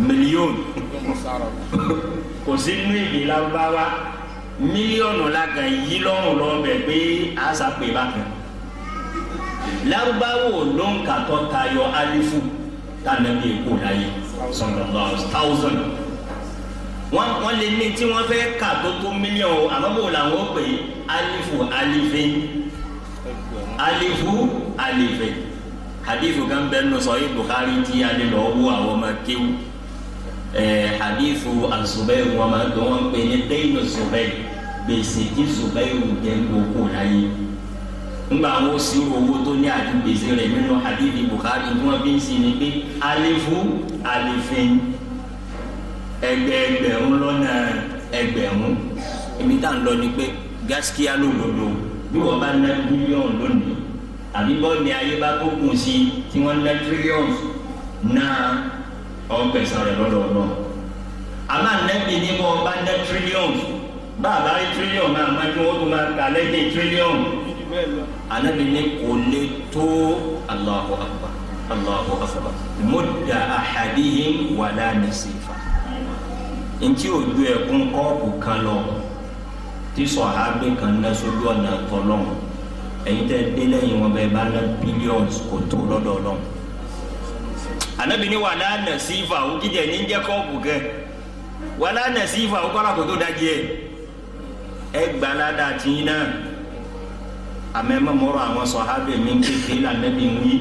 mílíọ̀nù kò sí nínú èdè lárúbáwá mílíọ̀nù la kàn yí lọ́rùn lọ́bẹ̀ pé àṣà pè bákan lárúbáwò ló ń kàtọ́ tayọ alifu tànàbí èkó láyé sọ̀rọ̀ thousand wọ́n wọ́n lè ní tí wọ́n fẹ́ kà tó tó mílíọ̀nù àmọ́ bò làwọn pè alifu alife alifu alife hadithu kan bẹ́ẹ̀ nù sọ yìí Bukhari ti alẹ́ lọ́wọ́ àwọn ọmọ kéwù ẹẹ hadithu azubayi wọn máa dọn wọn pé ní déyìnbó zubayi gbèsè tí zubayi wù jẹ gbogbo la yìí ngba wo si owó tó ní àti gbèsè rẹ nínú hadithi Bukhari tí wọn fi ń sin ni pé alifu alifin ẹgbẹẹgbẹ̀rún lọ́nà ẹgbẹ̀rún ibi tá à ń ni pé gaskiya lòlòlò bí wọn bá ná bílíọ̀nù lónìí àbí bọ́ọ̀lù ayé bá kó kùn sí tí wọ́n ná tírílíọ̀nù náà. ọ̀pẹ̀sán rẹ̀ ụlọ náà àmà nẹ́bi ní bọ́ ọba ní tírílíọ̀nù ba rí tírílíọ̀nù náà má kí wọ́n tún máa kà lẹ́yìn tírílíọ̀nù ànábi ní kò Allahu akbar Allahu akbar mudda ahadihim wala nasifa ntí ojú ẹkún kọ́ọ̀kù kan lọ tí sọ̀hábì kan ná sójú ọ̀nà tọ́lọ́mù ẹ̀yin wọn bá kò tó anabi ni wala nasifa wo jijɛ ni jɛ kɔpu kɛ wala nasifa wo kɔla koto daji da na amẹ mọmọrọ àwọn sọhábẹ mi kékeré la nẹbi ń wí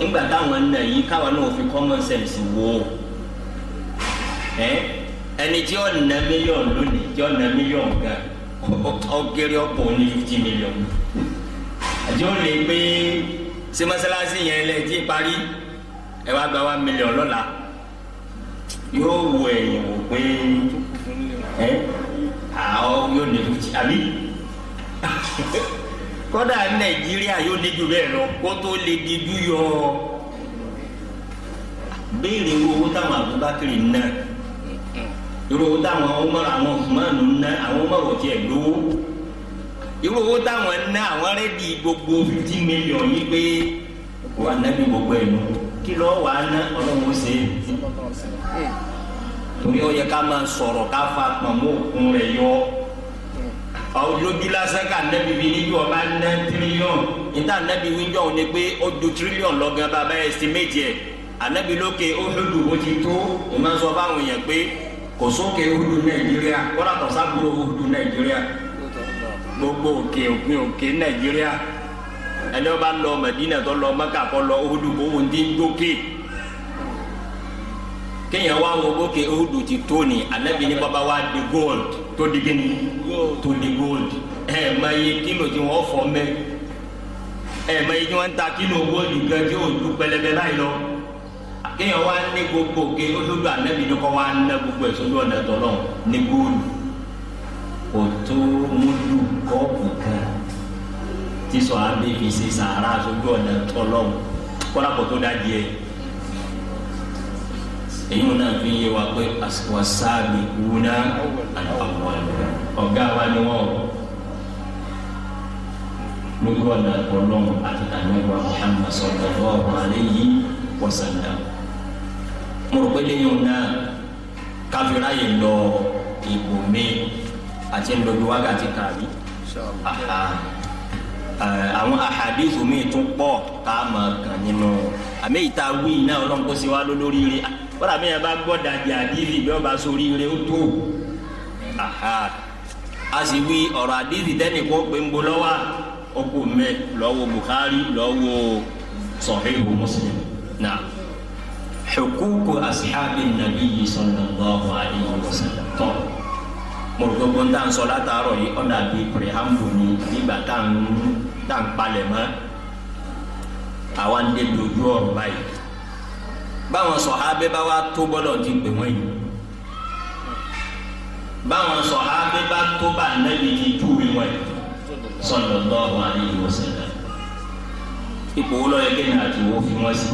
nígbà na yi yìí káwọn náà common sense wo ẹni tí ó million ṣé mọ́sálásí yẹn lẹ ti pari ẹ wá gba one million lọ́la yóò wọ ẹ̀yìn wò pé ẹ àwọn yóò ní ìlú àbí kọ́dà nàìjíríà yóò ní ju lọ kó tó lè di yọ béèrè owó táwọn Abubakar náà táwọn ọmọ irú owó táwọn ná àwọn rẹ́dì gbogbo fifty million yìí pé kò wá nábì gbogbo ẹ̀ nù kí lọ́ọ́ wàá ná ọlọ́run ó ṣe é torí ó yẹ ká máa sọ̀rọ̀ ká fa pọ̀nmọ́ òkun rẹ̀ yọ lójú lásán ká nẹ́bi bíi níbi ọba ná tírílíọ̀n níta nẹ́bi wíjọ́ òun ni pé ó ju tírílíọ̀n lọ́gán bàbá ẹ̀stímẹ́tì ẹ̀ ànẹ́bi lókè òhùdù ó ti tó ìmọ̀ sọ fáwọn èèyàn pé kò sókè òhùdù nàìjíríà kó dàtọ̀ sábúrò òhùdù nàìjíríà gbogbo òkè òpin òkè nàìjíríà ẹni wọn bá lọ mẹdínà tó lọ mẹka kọ lọ òhudu kó wọn ti ń dókè kéèyàn wá wo bókè òhudu ti tó ni anabi ní bàbá wa di gold tó di gini tó di gold ẹ mọ iye kílò tí wọn fọ mẹ ẹ mọ iye tí wọn ta kílò gold gan tí òdu pẹlẹbẹ láì lọ kéèyàn wá ní gbogbo òkè òhudu anabi ní kọ wá ná gbogbo ẹsọ lọnà tọlọ ní gold kò tó múlò kọ́ọ̀pù kan tí sọ abẹ́ fi ṣe sàárà aṣojú ọ̀nà tọ́lọ́hùn kọ́lápọ̀ tó dájú ẹ̀ èyí wọn náà fi yé wa pé àsìkò sáàbì wúná àwọn ọ̀gá wa ni wọ́n lójú ọ̀nà tọ́lọ́hùn àti àmẹ́wà Muhammad sallallahu alayhi wa sallam mo rò pé lẹ́yìn náà káfíńráyè lọ ìbòmí àti ńlọbí wákàtí kàrí. Eh, àwọn ahadithu mi tún pọ̀ tá a mọ̀ kàn nínú àmì ìta wí náà ọlọ́run kó sí wa lórí rẹ̀ wọ́n àmì yẹn bá gbọ́ dàdí àdìsí bí wọ́n bá sórí rẹ̀ ó tó a sì wí ọ̀rọ̀ àdìsí tẹ́nì kó pé ń bo lọ́wọ́ ọkọ mẹ lọ́wọ́ Bukhari lọ́wọ́ Sahihu Muslim náà hukuku ashabi nabiyyi sallallahu alayhi wa sallam tọ́ mo rò gbogbo tá à ń sọ látàárọ̀ yìí ọ̀dà bíi pèrèhàmù ni nígbà tá à ń tá à ń palẹ̀ mọ́ àwa ń dé dojú ọ̀rọ̀ báyìí báwọn sọ̀hábẹ́ bá wa tó bọ́lọ̀ ti pè wọ́n yìí báwọn sọ̀hábẹ́ bá tó bá nẹ́bi ti júwe wọ́n yìí sallallahu alaihi wasallam ipò wo lọ́yẹ kéèyàn àti wo fi wọ́n sí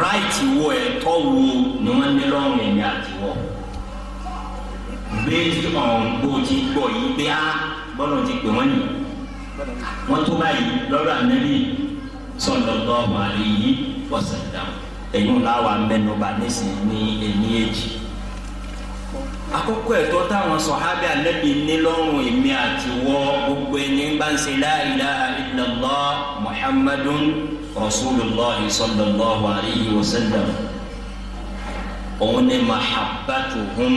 ráìtì wo ẹ̀tọ́ wo ni wọ́n ní lọ́rùn ẹ̀mí àti wọ́n based on bó ti gbọ́ yìí pé á ah, bọ́lá ti pè wọ́n yìí wọ́n tó báyìí lọ́dọ̀ ànábì sallallahu alayhi wa sallam èyí ńlá wa mẹ́nubà nísìnyí ní ẹni èjì àkókò ẹ̀tọ́ táwọn sọhábì Ànábì ní lọ́rùn èmi àti wọ gbogbo ẹni ń bá ń ṣe la ilaha illallah rasulillah sallallahu alayhi wa sallam òun ni mahabbatuhum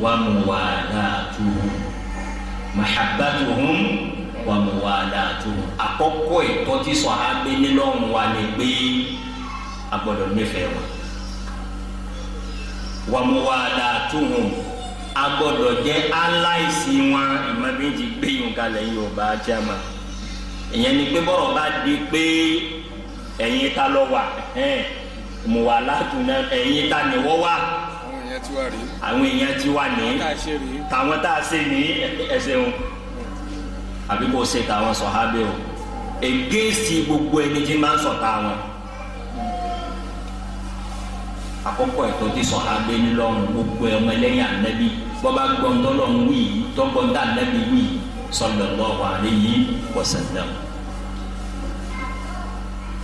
wa muwalatuhum mahabbatuhum wa muwalatuhum àkọ́kọ́ ẹ̀tọ́ tí sọhábẹ nílọrun wa ni pé a gbọ́dọ̀ nífẹ̀ẹ́ wọn wa muwalatuhum a gbọ́dọ̀ jẹ́ aláìsí wọn ìmọ̀bíjì gbé yín kalẹ̀ yóò bá a jẹ́ ìyẹn ni pé bọ́rọ̀ di pé ẹ̀yin ta lọ wà ẹ̀hẹ́n muwalatu náà ẹ̀yin ta ni wọ́n wá àwọn èèyàn ti wà ní tàwọn tá a ṣe ní ẹsẹ̀ wọn àbí kò ṣe tàwọn sọ̀hábẹ́ o ègéèsì gbogbo ẹni tí máa ń sọ̀tà wọn àkọ́kọ́ ẹ̀tọ́ ti sọ̀hábẹ́ ńlọrun gbogbo ọmọ ẹlẹ́yìn ànábì bọ́ba gbọ́ntọ́ wí tọ́gbọ́ntà ànábì wí sallallahu alayhi wa sallam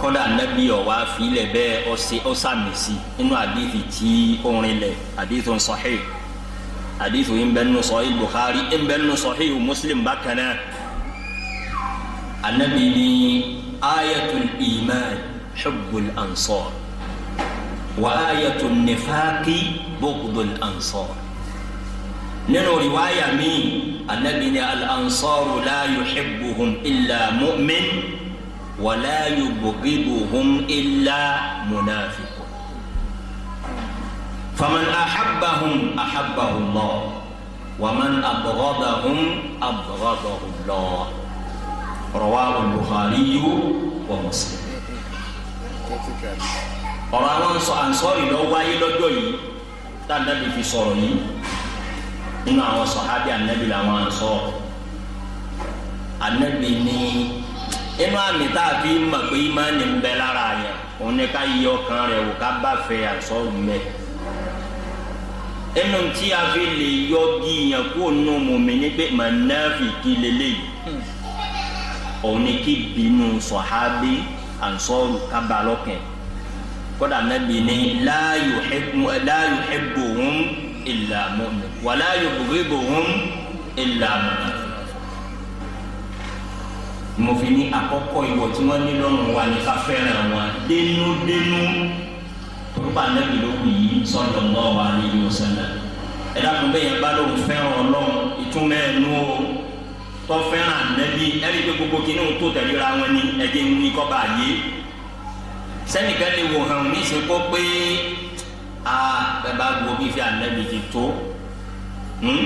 kọ́dà nẹ́bí ọ̀wá filẹ̀ bẹ́ẹ̀ ọ̀sẹ̀ ọ̀sàmìsì inú àdìsí tí orin lẹ̀ àdìsí sọ̀hí àdìsí yìí ń bẹ́ẹ̀ nù sọ̀hí Bukhari ń bẹ́ẹ̀ nù sọ̀hí Muslim bákan náà anabi ni ayatul iman hubbul ansar wa ayatul nifaqi bughdul ansar nínú riwaayà anabi ni al ansaru la yuhibbuhum illa mu'min wala yubghiduhum illa munafiqun faman ahabbahum ahabbahullah waman abghadahum abghadahullah rawahu al-bukhari wa muslim. ọ̀rọ̀ àwọn ansọ́rì lọ wáyé lọ́jọ́ yìí tá a dábì fi sọ̀rọ̀ yìí nínú àwọn sọ̀hábì ànábì làwọn ansọ́ ànábì ní inú àmì tá a fi mọ̀ pé ìmánì ń bẹ lára yẹn òun ni ká yí ọkàn rẹ̀ wò ká bá fẹ́ àṣọ mẹ́ inú tí a fi lè yọ bí yẹn kó nù mùmí ní pé mọ̀nàfì kí lélẹ́yìí òun ni kí bínú sọ̀hábí àṣọrù ká kódà nàbì ni láàyò ẹ̀bùn òun wàláyò bùrẹ́bù òun mo fi ní àkọ́kọ́ ìwọ̀ tí wọ́n ní lọ́rùn wa ní ká fẹ́ràn wọn dénúdénú torúkọ anábì ló wù yí sọ́dọ̀ náà wà ní ìlú sẹ́lẹ̀ ẹ dákun bẹ́ẹ̀ yẹn bá lóun fẹ́ràn ọlọ́run ìtumọ̀ ẹnu o tọ́ fẹ́ràn anábì ẹ̀rí pé gbogbo kínní tó tẹ̀léra wọn ni ẹ̀jẹ̀ ń wí kọ́ bá yé sẹ́nìkan lè wò hàn ní ìsìnkú pé a bẹ́ẹ̀ wo bí fi anábì ti tó hmm?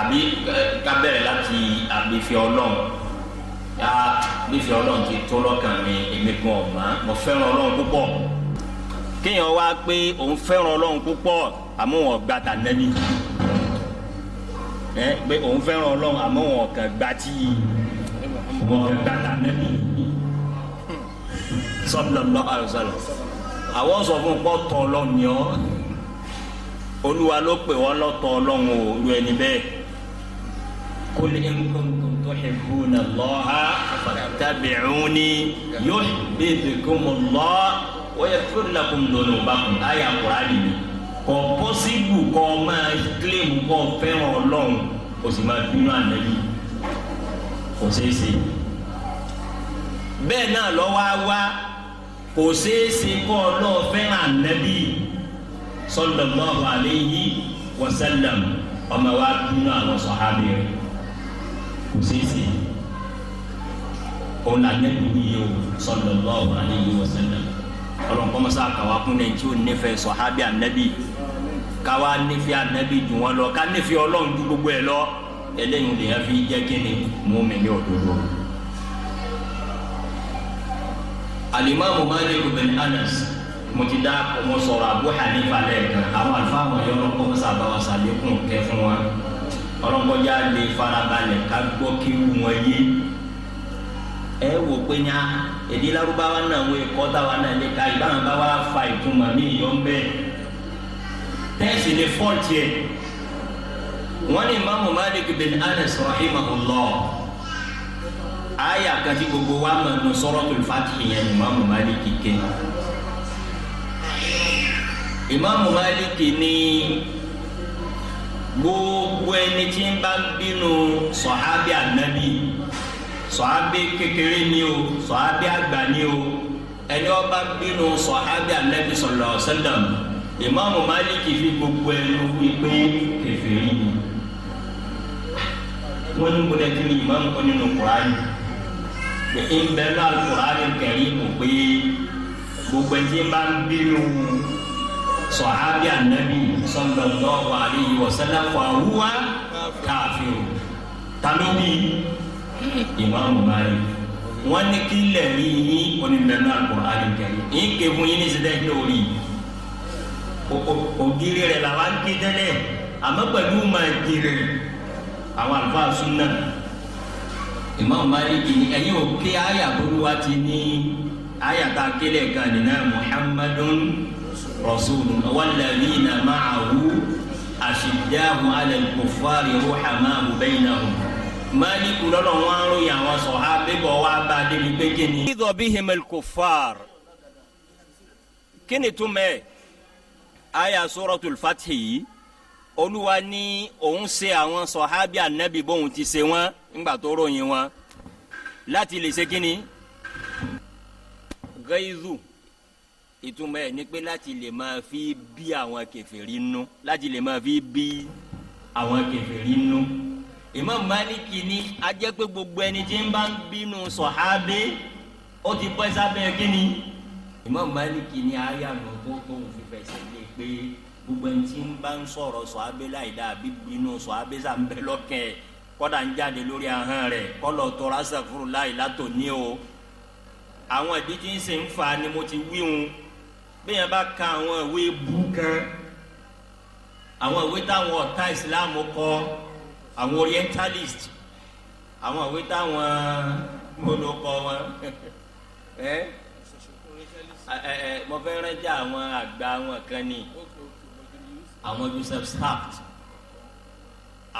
àbí ká láti àbí fi ọlọ́run yàrá nífẹ̀ẹ́ ọlọ́run ti tó lọ́kàn mi èmi gan ọ̀mà mo fẹ́ràn ọlọ́run púpọ̀ kéèyàn wá pé òun fẹ́ràn ọlọ́run púpọ̀ àmọ́ wọn gba tànẹ́bí ẹ pé òun fẹ́ràn ọlọ́run àmọ́ wọn kàn gba tí wọn kàn gba tànẹ́bí sallallahu alaihi wasallam àwọn sọ fún pọ́ tọ́ ọlọ́run yọ olúwa ló pè wọ́n lọ́tọ̀ ọlọ́run o lu ẹni bẹ́ẹ̀. قل إن كنتم تحبون الله فاتبعوني يحببكم الله ويغفر لكم ذنوبكم آية قرآن kò pọ́sibù kò máa kílèmù kò fẹ́ràn ọlọ́run kò sì máa bínú ànábì kò ṣeé ṣe bẹ́ẹ̀ náà lọ́wọ́ á wá kò ṣeé ṣe kó ọlọ́run fẹ́ràn ànábì sallallahu alayhi wa sallam ọmọ wa bínú àwọn sọ̀hábì kò sèse òun lànà ìlú yìí o sallallahu alaihi wasallam ọlọ́nkọ́ mọ́sá kàwá kún ní tí ó nífẹ̀ẹ́ sọ̀hábì ànábì káwá nífẹ̀ẹ́ ànábì jù wọ́n lọ ká nífẹ̀ẹ́ ọlọ́run ju gbogbo ẹ̀ lọ eléyìí lè fi jẹ́ kíni mùmínì òdodo. bin Anas mo ti dá mo sọ̀rọ̀ Abu Hanifa lẹ́ẹ̀kan àwọn àlùfáà wọn yọ̀ọ́ kọ́ mọ́sá bá wa wa ọlọ́mọdé lè farabalẹ̀ ká gbọ́ kí wọ́n yé ẹ wò pé nya èdè Lárúbáwá náà wọ ẹ̀kọ́ táwa náà lè ka ìbáwọn bá wà fa ìtumọ̀ mí yọ ń bẹ́ẹ̀ tẹ́sí ni fọ́ọ̀tì ẹ̀ wọ́n ní Imaamu Malik bin Anas rahimahullah aya kan tí gbogbo wa mọ̀ nù Suratul Fatih yẹn Imaamu Malik kẹ́ Imaamu Malik ní gbogbo ẹni tí ń bá bínú sọ̀hábì ànábì sọ̀hábì kékeré ni o sọ̀hábì àgbà ni o ẹni ó bá bínú sọ̀hábì ànábì sallallahu alaihi wasallam ìmáàmù Málíkì fi gbogbo ẹnu wípé kèfèrí ni wọ́n ní gbọdọ̀ kí ni ìmáàmù kọ́ nínú Kùránì ìbẹ̀rù Al-Kùránì Karim mọ̀ pé gbogbo ẹni tí ń bá bínú sọ̀hábí ànábì sallallahu alayhi wa sallam fahuwa kafir talobi ìmáàmù báyìí wọ́n ní kí lẹ́mí yín onímọ̀nà àgbọ̀ àdìgẹ́rì yín ké fún yín ní sẹ́dẹ̀ lórí ògiri rẹ̀ làwọn ń ké tẹ́lẹ̀ àmọ́ pẹ̀lú màá jèrè àwọn àlùfáà súnà ìmáàmù báyìí kì í ẹ̀yin ò ké àyà ti ní àyà tá kan nínú muhammadun rọ̀ṣúlù wàlẹ́rìnà máa wú àṣìdáhùn alẹ́ kòfàrí rúhà máa wù bẹ́yìn náà máàlìkù lọ́nà wọn ń ròyìn àwọn sọ̀há bíbọ̀ wá bá a débi pé kí ni. ìdọ̀ bí himel kòfàr kí ni tún mẹ́ àyà suratul Fathi yìí olúwa ní òun ṣe àwọn sọ̀há anabi bóun ti ṣe wọ́n ńgbà tó wọn láti lè ṣe kí ni ìtumọ̀ ẹ̀ ni pé láti lè máa fi bí àwọn kèfèrí nú láti lè máa fi bí àwọn kèfèrí nú Imam Maliki ni a jẹ́ pé gbogbo ẹni tí ń bá ń bínú sọ̀hábé ó ti bọ́ sábẹ́ kínni Imam Maliki ni aya nù tó tó ń fi fẹsẹ̀ lé pé gbogbo ẹni tí ń bá ń sọ̀rọ̀ sọ̀hábé láì dáa bí bínú sọ̀hábé sàmbẹ́ lọ́kẹ́ kọ́dà ń jáde lórí ahọ́n rẹ̀ kọ́lọ̀ tọ́ra sàfúrú láì látò ní o àwọn ìdí tí ń sè ń fa ni mo ti wíhun bẹ́ẹ̀ bá ka àwọn ìwé bú kan àwọn ìwé táwọn ọ̀tá ìsìláàmù kọ àwọn orientalist àwọn ìwé táwọn mọlọkọ wọn ẹ ẹ mo fẹ́ rántí àwọn àgbà wọn kan ní àwọn Joseph Staft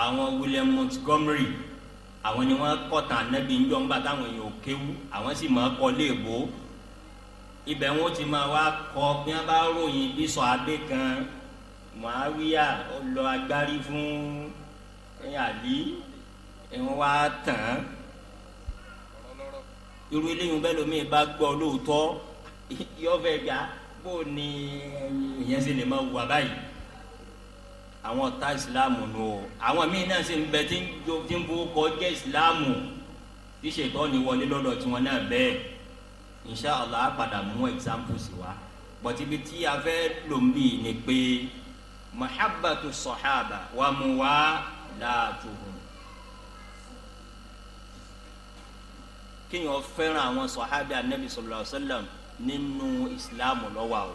àwọn William Montgomery àwọn ni wọ́n kọ́ tàn nẹ́bí ń jọ ń bá táwọn èèyàn kéwú àwọn sì máa kọ́ léèbó ibẹ̀ wọn ti máa wá kọ bí wọ́n bá ròyìn bí sọ abẹ́ kan muawiya ọlọ agbárí fún àbí wọn wá tàn án irú eléyìí bẹ́ẹ̀ lómi bá gbọ́ lóòótọ́ yọ fẹ́ gbà bó ni ìyẹn sì lè máa wà báyìí àwọn ọ̀tá ìsìláàmù nù o àwọn míín náà sì ń bẹ tí ń bó kọjá ìsìláàmù tí ṣètọ́ ni wọlé lọ́dọ̀ tiwọn náà bẹ́ẹ̀ inshàlá a padà mú examples wa bọ̀tibí tí a fẹ́ lò ń bì ní pé mahabbatu sahaba wa mu wa laatuhum kéèyàn fẹ́ràn àwọn sahaba anabi sallallahu alayhi wa sallam nínú ìsìláàmù lọ́wọ́ o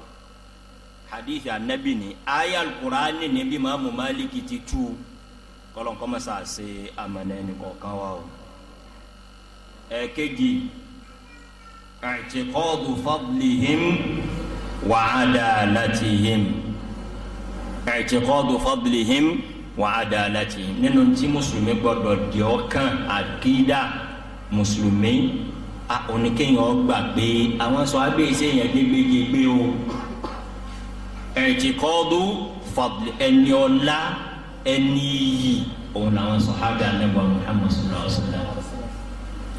hadithi anabi ni aya alukuraani ni bí maamu maliki ti tu kọlọ̀nkọ́mọ́sá ṣe amànẹ́ni kọ̀ọ̀kan wa o ẹ̀ẹ́kejì. E i'tiqadu fadlihim wa adalatihim i'tiqadu fadlihim wa adalatihim nínú tí mùsùlùmí gbọdọ̀ di ọkàn àkídà mùsùlùmí oníkéyàn ọgbà pé àwọn sọ abéyèsé yẹn gbégbégbé o ẹ̀jìkọ́dù fadli ẹni ọlá ẹni iyì òun làwọn sọ hábẹ́ àlẹ́ bọ̀ sallallahu alaihi wasallam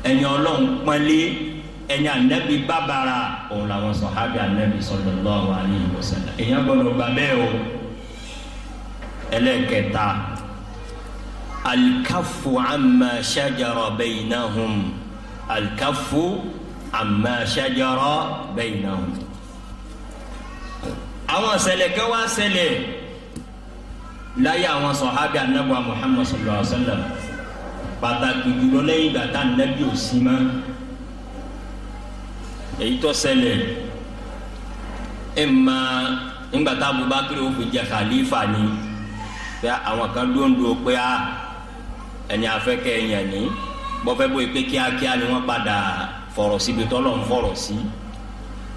ẹni ọlọ́run pọ́nlé ẹ̀yìn anabi bàbàrà òun làwọn sọ̀hábì anabi sallallahu alayhi wa sallam èèyàn gbọ́dọ̀ gbà bẹ́ẹ̀ o ẹlẹ́kẹta alikafu amma shajara baynahum alikafu amma shajara baynahum àwọn ṣẹlẹ̀ kẹ́ wá ṣẹlẹ̀ láyé àwọn sọ̀hábì anabi wa muhammad sallallahu pàtàkì jùlọ lẹ́yìn gbàtà anabi ò èyí tó ṣẹlẹ̀ ẹ ma nígbà tá Abubakar ó fi jẹ khalifa ni pé àwọn kan dóńdó pé ah, a ẹni afẹ́kẹ́ ẹ̀yàn ni bọ́fẹ́ bóyá pé kíákíá ni wọ́n padà fọ̀rọ̀ síbi tọ́lọ̀ ń fọ̀rọ̀ sí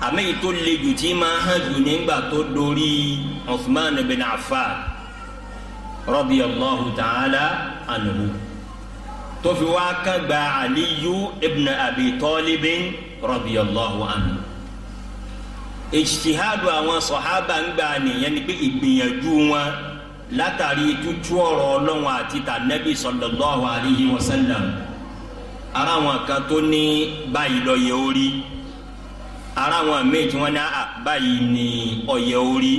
àmì yìí tó le jù tí máa hàn jù nígbà tó dorí Uthman bin Affan radiyallahu ta'ala anhu tó fi wá kàn gba Aliyu ibn Abi Talibin radiyallahu anhu ijtihadu àwọn sọ̀hábà ń gbà nìyẹn ni pé ìgbìyànjú wọn látàrí tútú ọ̀rọ̀ ọlọ́run àti tànẹ́bì sallallahu alayhi wa sallam ara wọn kan tó ní báyìí lọ́yẹ̀ orí ara wọn míì tí ní báyìí ní ọ̀yẹ̀ orí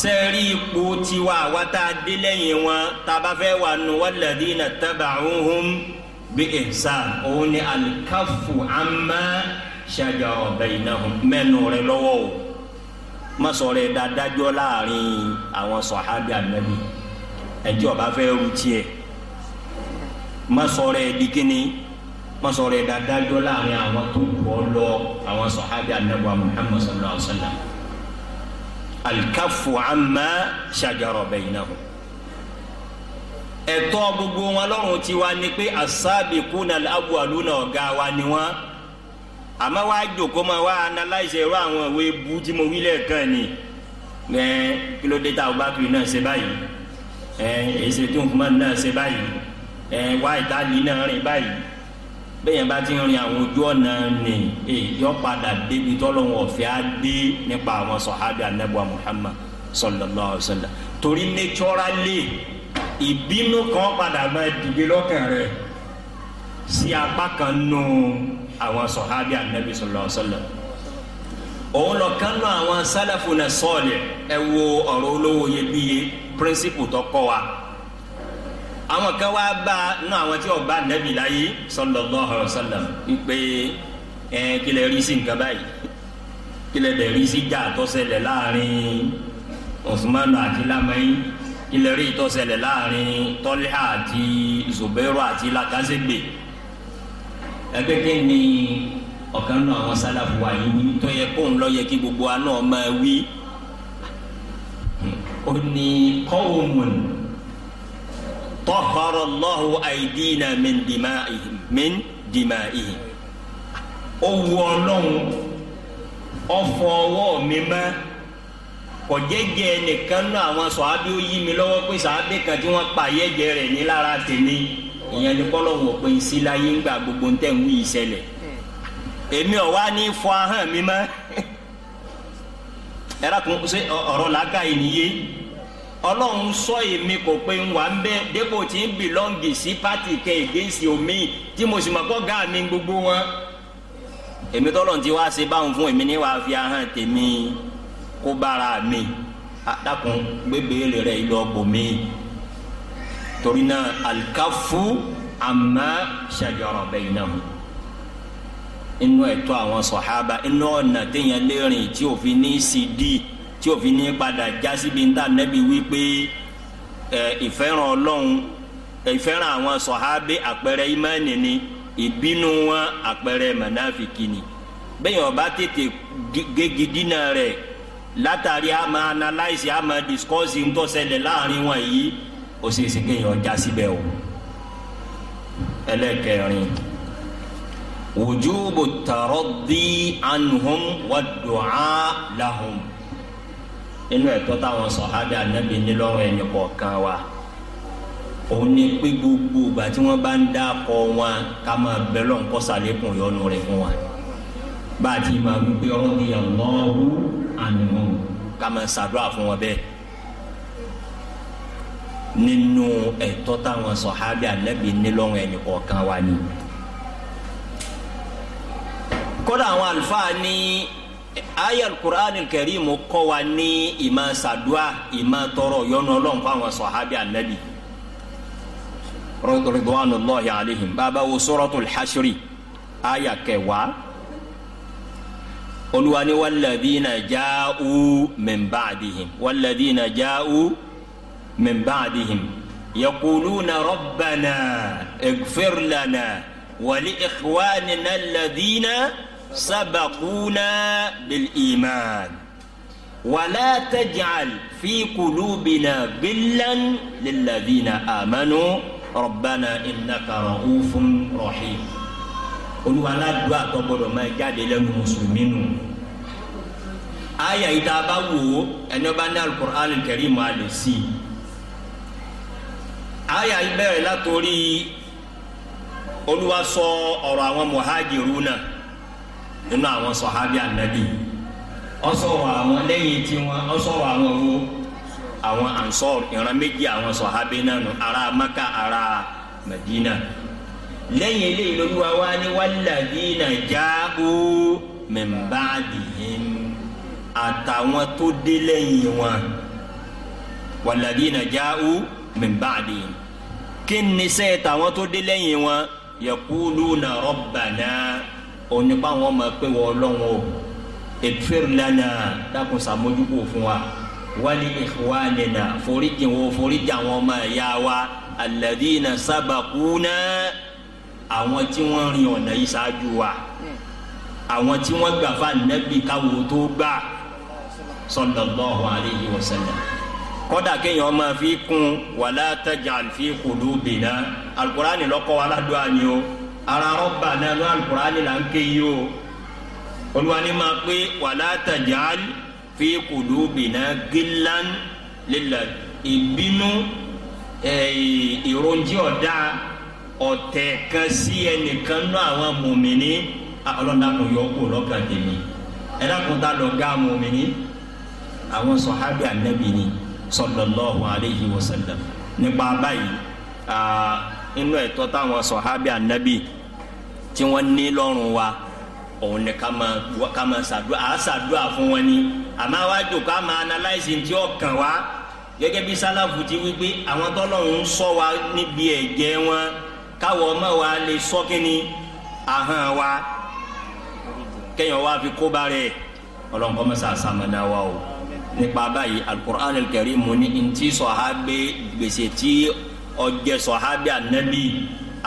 sẹ́ẹ̀rí ipò tiwa àwa tá a wọn tá a bá fẹ́ wà nù bí ihsan òun ni alikafu amma shajara bainahum mẹ́nu rẹ lọ́wọ́ o má sọ rẹ dáadájọ́ láàrin àwọn sọ̀hábì ànábì ẹjọ́ ọba fẹ́ ru tiẹ̀ má sọ rẹ di kíni má sọ rẹ dáadájọ́ láàrin àwọn tó kù ọ lọ àwọn sọ̀hábì ànábì Muhammad sallallahu alaihi wa sallam alikafu amma shajara bainahum ẹ̀tọ́ gbogbo wọn lọ́rùn tiwa ni pé as-sabiquna al-awwaluna ọ̀gá wa ni wọ́n àmọ́ wá jòkó ma wá analyse irú àwọn ìwé bú tí mo wí lẹ́ẹ̀kan ni ẹ kí ló dé tá Abubakar náà ṣe báyìí ẹ èsì tó ń kuma náà ṣe báyìí ẹ wá ìtàlí náà rìn báyìí bẹ́yẹn bá ti rìn àwọn ojú ọ̀nà ni ẹ yọ padà débi tọ́lọ́wọ́n ọ̀fẹ́ á dé nípa àwọn sọ̀hábì anábọ̀ Muhammad sallallahu alaihi wasallam torí naturally ìbínú kan padà máa dìde lọ́kàn rẹ̀ sí apá kan nù àwọn sọ̀hábí ànábì sallallahu alaihi wasallam òun lọ kán nù àwọn sálàfù náà sọ̀ọ̀lẹ̀ ẹ wo ọ̀rọ̀ olówó iyebíye píríncípù tó kọ́ wa àwọn kan wá bá nù àwọn tí ọba ànábì láyé sallallahu alaihi wasallam ìpè ẹ kílẹ̀ rí sí nǹkan báyìí kílẹ̀ dẹ̀ rí sí jà tó ṣẹlẹ̀ láàrin Usman àti Lamayin ìlérí tó ṣẹlẹ̀ láàrin Tọ́lá àti Zubairu àti Làkàzégbè ẹgbẹ́ kí ni ọ̀kan náà àwọn sálàfù wà yìí wí tó yẹ kóun lọ yẹ kí gbogbo wa náà máa wí ó ní kọ́wọ́mùn tọ́hárọ̀ lọ́hùn àìdínà min dima'ihim min dima'ihim ó wu ọ̀fọ̀ ọwọ́ mi máa kọjẹjẹ nìkan náà àwọn sọ̀hábí ó yí mi lọ́wọ́ pé sọ̀hábí kan tí wọ́n pa ayẹ́jẹ rẹ̀ ní lára tèmi ìyẹn ni kọ́lọ́hún òpin sila láyé ń gbà gbogbo ń tẹ̀ ń wí ìṣẹ̀lẹ̀ èmi ọ̀ wá ní fọ ahọ́n mi mọ́ ẹ̀rọ kan ṣe ọ̀rọ̀ làákà yìí nìyé ọlọ́run sọ èmi kò pé ń wà ń bẹ́ dépò tí ń bìlọ́ǹgì sí pátì kan ègéǹsì omi tí mo sì mọ̀ kọ́ gá mi gbogbo wọn èmi tọ́lọ́run kó bára mi dákun gbégbére rẹ̀ ìlú ọgbọ̀n mi torí náà alikafu àmà ṣàjọrọ bẹ́ẹ̀ náà mu inú ẹ̀tọ́ àwọn sọ̀hábà inú ọ̀nà téèyàn lè rìn tí òfin ní cd tí òfin ní padà já síbi ń tà nẹ́bi wípé ìfẹ́ràn ọlọ́run ìfẹ́ràn àwọn sọ̀hábà àpẹẹrẹ ìmánì ni ìbínú wọn àpẹẹrẹ mọ̀náfìkì ni bẹ́ẹ̀ yọ̀ọ́ tètè gégidínà rẹ̀ látàrí àmọ́ analyse àmọ́ discourse ń tó ṣẹlẹ̀ láàrin wọn yìí ó sì sì kéèyàn já síbẹ̀ o ẹlẹ́kẹrin wujubu taraddi anhum wa du'a lahum inú ẹ̀tọ́ táwọn sọ̀hádà nẹ́bi nílọ́rùn ẹ̀yìn kọ̀ọ̀kan wa òun ni pé gbogbo ìgbà tí wọ́n bá ń dá kọ wọn ká máa bẹ lọ́nkọ́sálẹ́kùn yọnu rẹ̀ fún wa bá a ti máa wípé ọ̀rọ̀ ni àwọn ọ̀hún ànihàn ká máa ṣàdúrà fún wọn bẹ́ẹ̀ nínú ẹ̀tọ́ táwọn sọ̀hábì ànábì nílọ́run ẹnì kọ̀ọ̀kan wa ni. kódà àwọn àlùfáà ní aya alukur'an kẹrìmù kọ́ wa ní ìmọ̀ ṣàdúrà ìmọ̀ tọrọ yọ́nú ọlọ́run fáwọn sọ̀hábì ànábì ridwanullahi alaihim bàbá wo suratul hashri kẹwàá. olùwà waladina wàlladina jáú min ba'dihim waladina jáú min ba'dihim yaquluna rabbana igfir lana wali ikhwanina alladina sabaquna bil iman wala taj'al fi qulubina billan lilladina amanu rabbana innaka ra'ufun rahim. olúwa aládùúgbò àtọ́gbọ́dọ̀ máa jáde lẹ́nu mùsùlùmí nù. àyà ìta bá wò ó ẹni ọba ní al-Qur'an al-Karim máa lè sí i. àyà ìbẹ̀rẹ̀ látòrí olúwa sọ ọ̀rọ̀ àwọn muhajiruna nínú àwọn sọ̀hábí ànábì ọ̀sọ̀rọ̀ àwọn lẹ́yìn tiwọn ọ̀sọ̀rọ̀ àwọn wo àwọn ansọ́ọ̀rù ìran méjì àwọn sọ̀hábí náà nù ará Maka ará Madina lẹ́yìn eléyìí lolúwa wá ní walladhina ja'u min ba'dihim àtàwọn tó dé lẹ́yìn wọn walladhina ja'u min ba'dihim kí ni sẹ́ tàwọn tó dé lẹ́yìn wọn yaquluna rabbana onípa wọn máa pé wọ́n lọ́wọ́ ighfir lana dákun ṣàmójúkò fún wa wali ikhwanina foríjì wọn foríjì àwọn ọmọ ẹ̀yà wa alladhina sabaquna àwọn tí wọ́n rin ọ̀nà yìí ṣáájú wa àwọn tí wọ́n gbà fún anabi káwo tó gbà sallallahu alayhi wa sallam kódà kéèyàn máa fi kún wàlá tajal fi qulubina alukurani lọ́kọ́ aládùá ni o ara rọ́bà náà ló alukurani là ń ké yìí o olùwàní máa pé wàlá tajal fi qulubina gílan lílà ìbínú ìrònjí ọ̀dá. E, ọ̀tẹ̀ kan sí ẹnìkan nú àwọn mùmíní ọlọ́dàkùn yọ kó lọ́kàn tèmi ẹ̀dàkùn tá lọ gá mùmíní àwọn sọ̀hábì ànábì ni sallallahu alayhi wa sallam nípa báyìí inú ẹ̀tọ́ táwọn sọ̀hábì ànábì tí wọ́n ní lọ́rùn wa òun ni ká máa ṣàdúrà àá ṣàdúrà fún wọn ni àmọ́ àwa jòkó a máa analyse ti ọkàn wa gẹ́gẹ́ bí sálàfù ti wí pé àwọn tọ́lọ́run ń sọ wa níbi ẹ̀jẹ̀ wọn káwọ ọmọ wa lè sọ kínní ahọ́n wa kéèyàn wá fi kó bárẹ̀ ọlọ́run kọ́ mọ́sá sàmọ́nà wa o nípa báyìí alukur'an al-karim mu ní ntí sọ̀hábẹ́ gbèsè tí ọjẹ́ sọ̀hábẹ́ anabi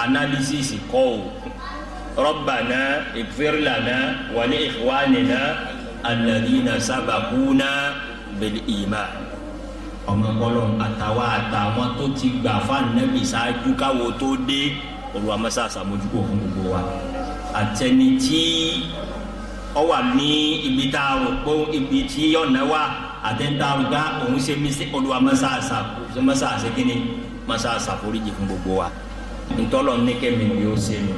analysis kọ́ o rabbana ighfir lana wa li ikhwanina alladhina sabaquna bil iman ọmọ kọlọ àtàwa àtàwọn tó ti gbà fáànẹ́bì ṣáájú káwo tó dé olùwàmọ́sá àṣàmójúkò fún gbogbo wa àtẹni tí ọ wà ní ibi tá a rò pé ibi tí ọ̀nà wà àtẹ̀ntà àrùgbá òun ṣe mí sí olùwàmọ́sá àṣàkíní mọ́sá àṣàforíjì fún gbogbo wa ntọ́lọ̀ ní kẹ́mi ni ó ṣe mi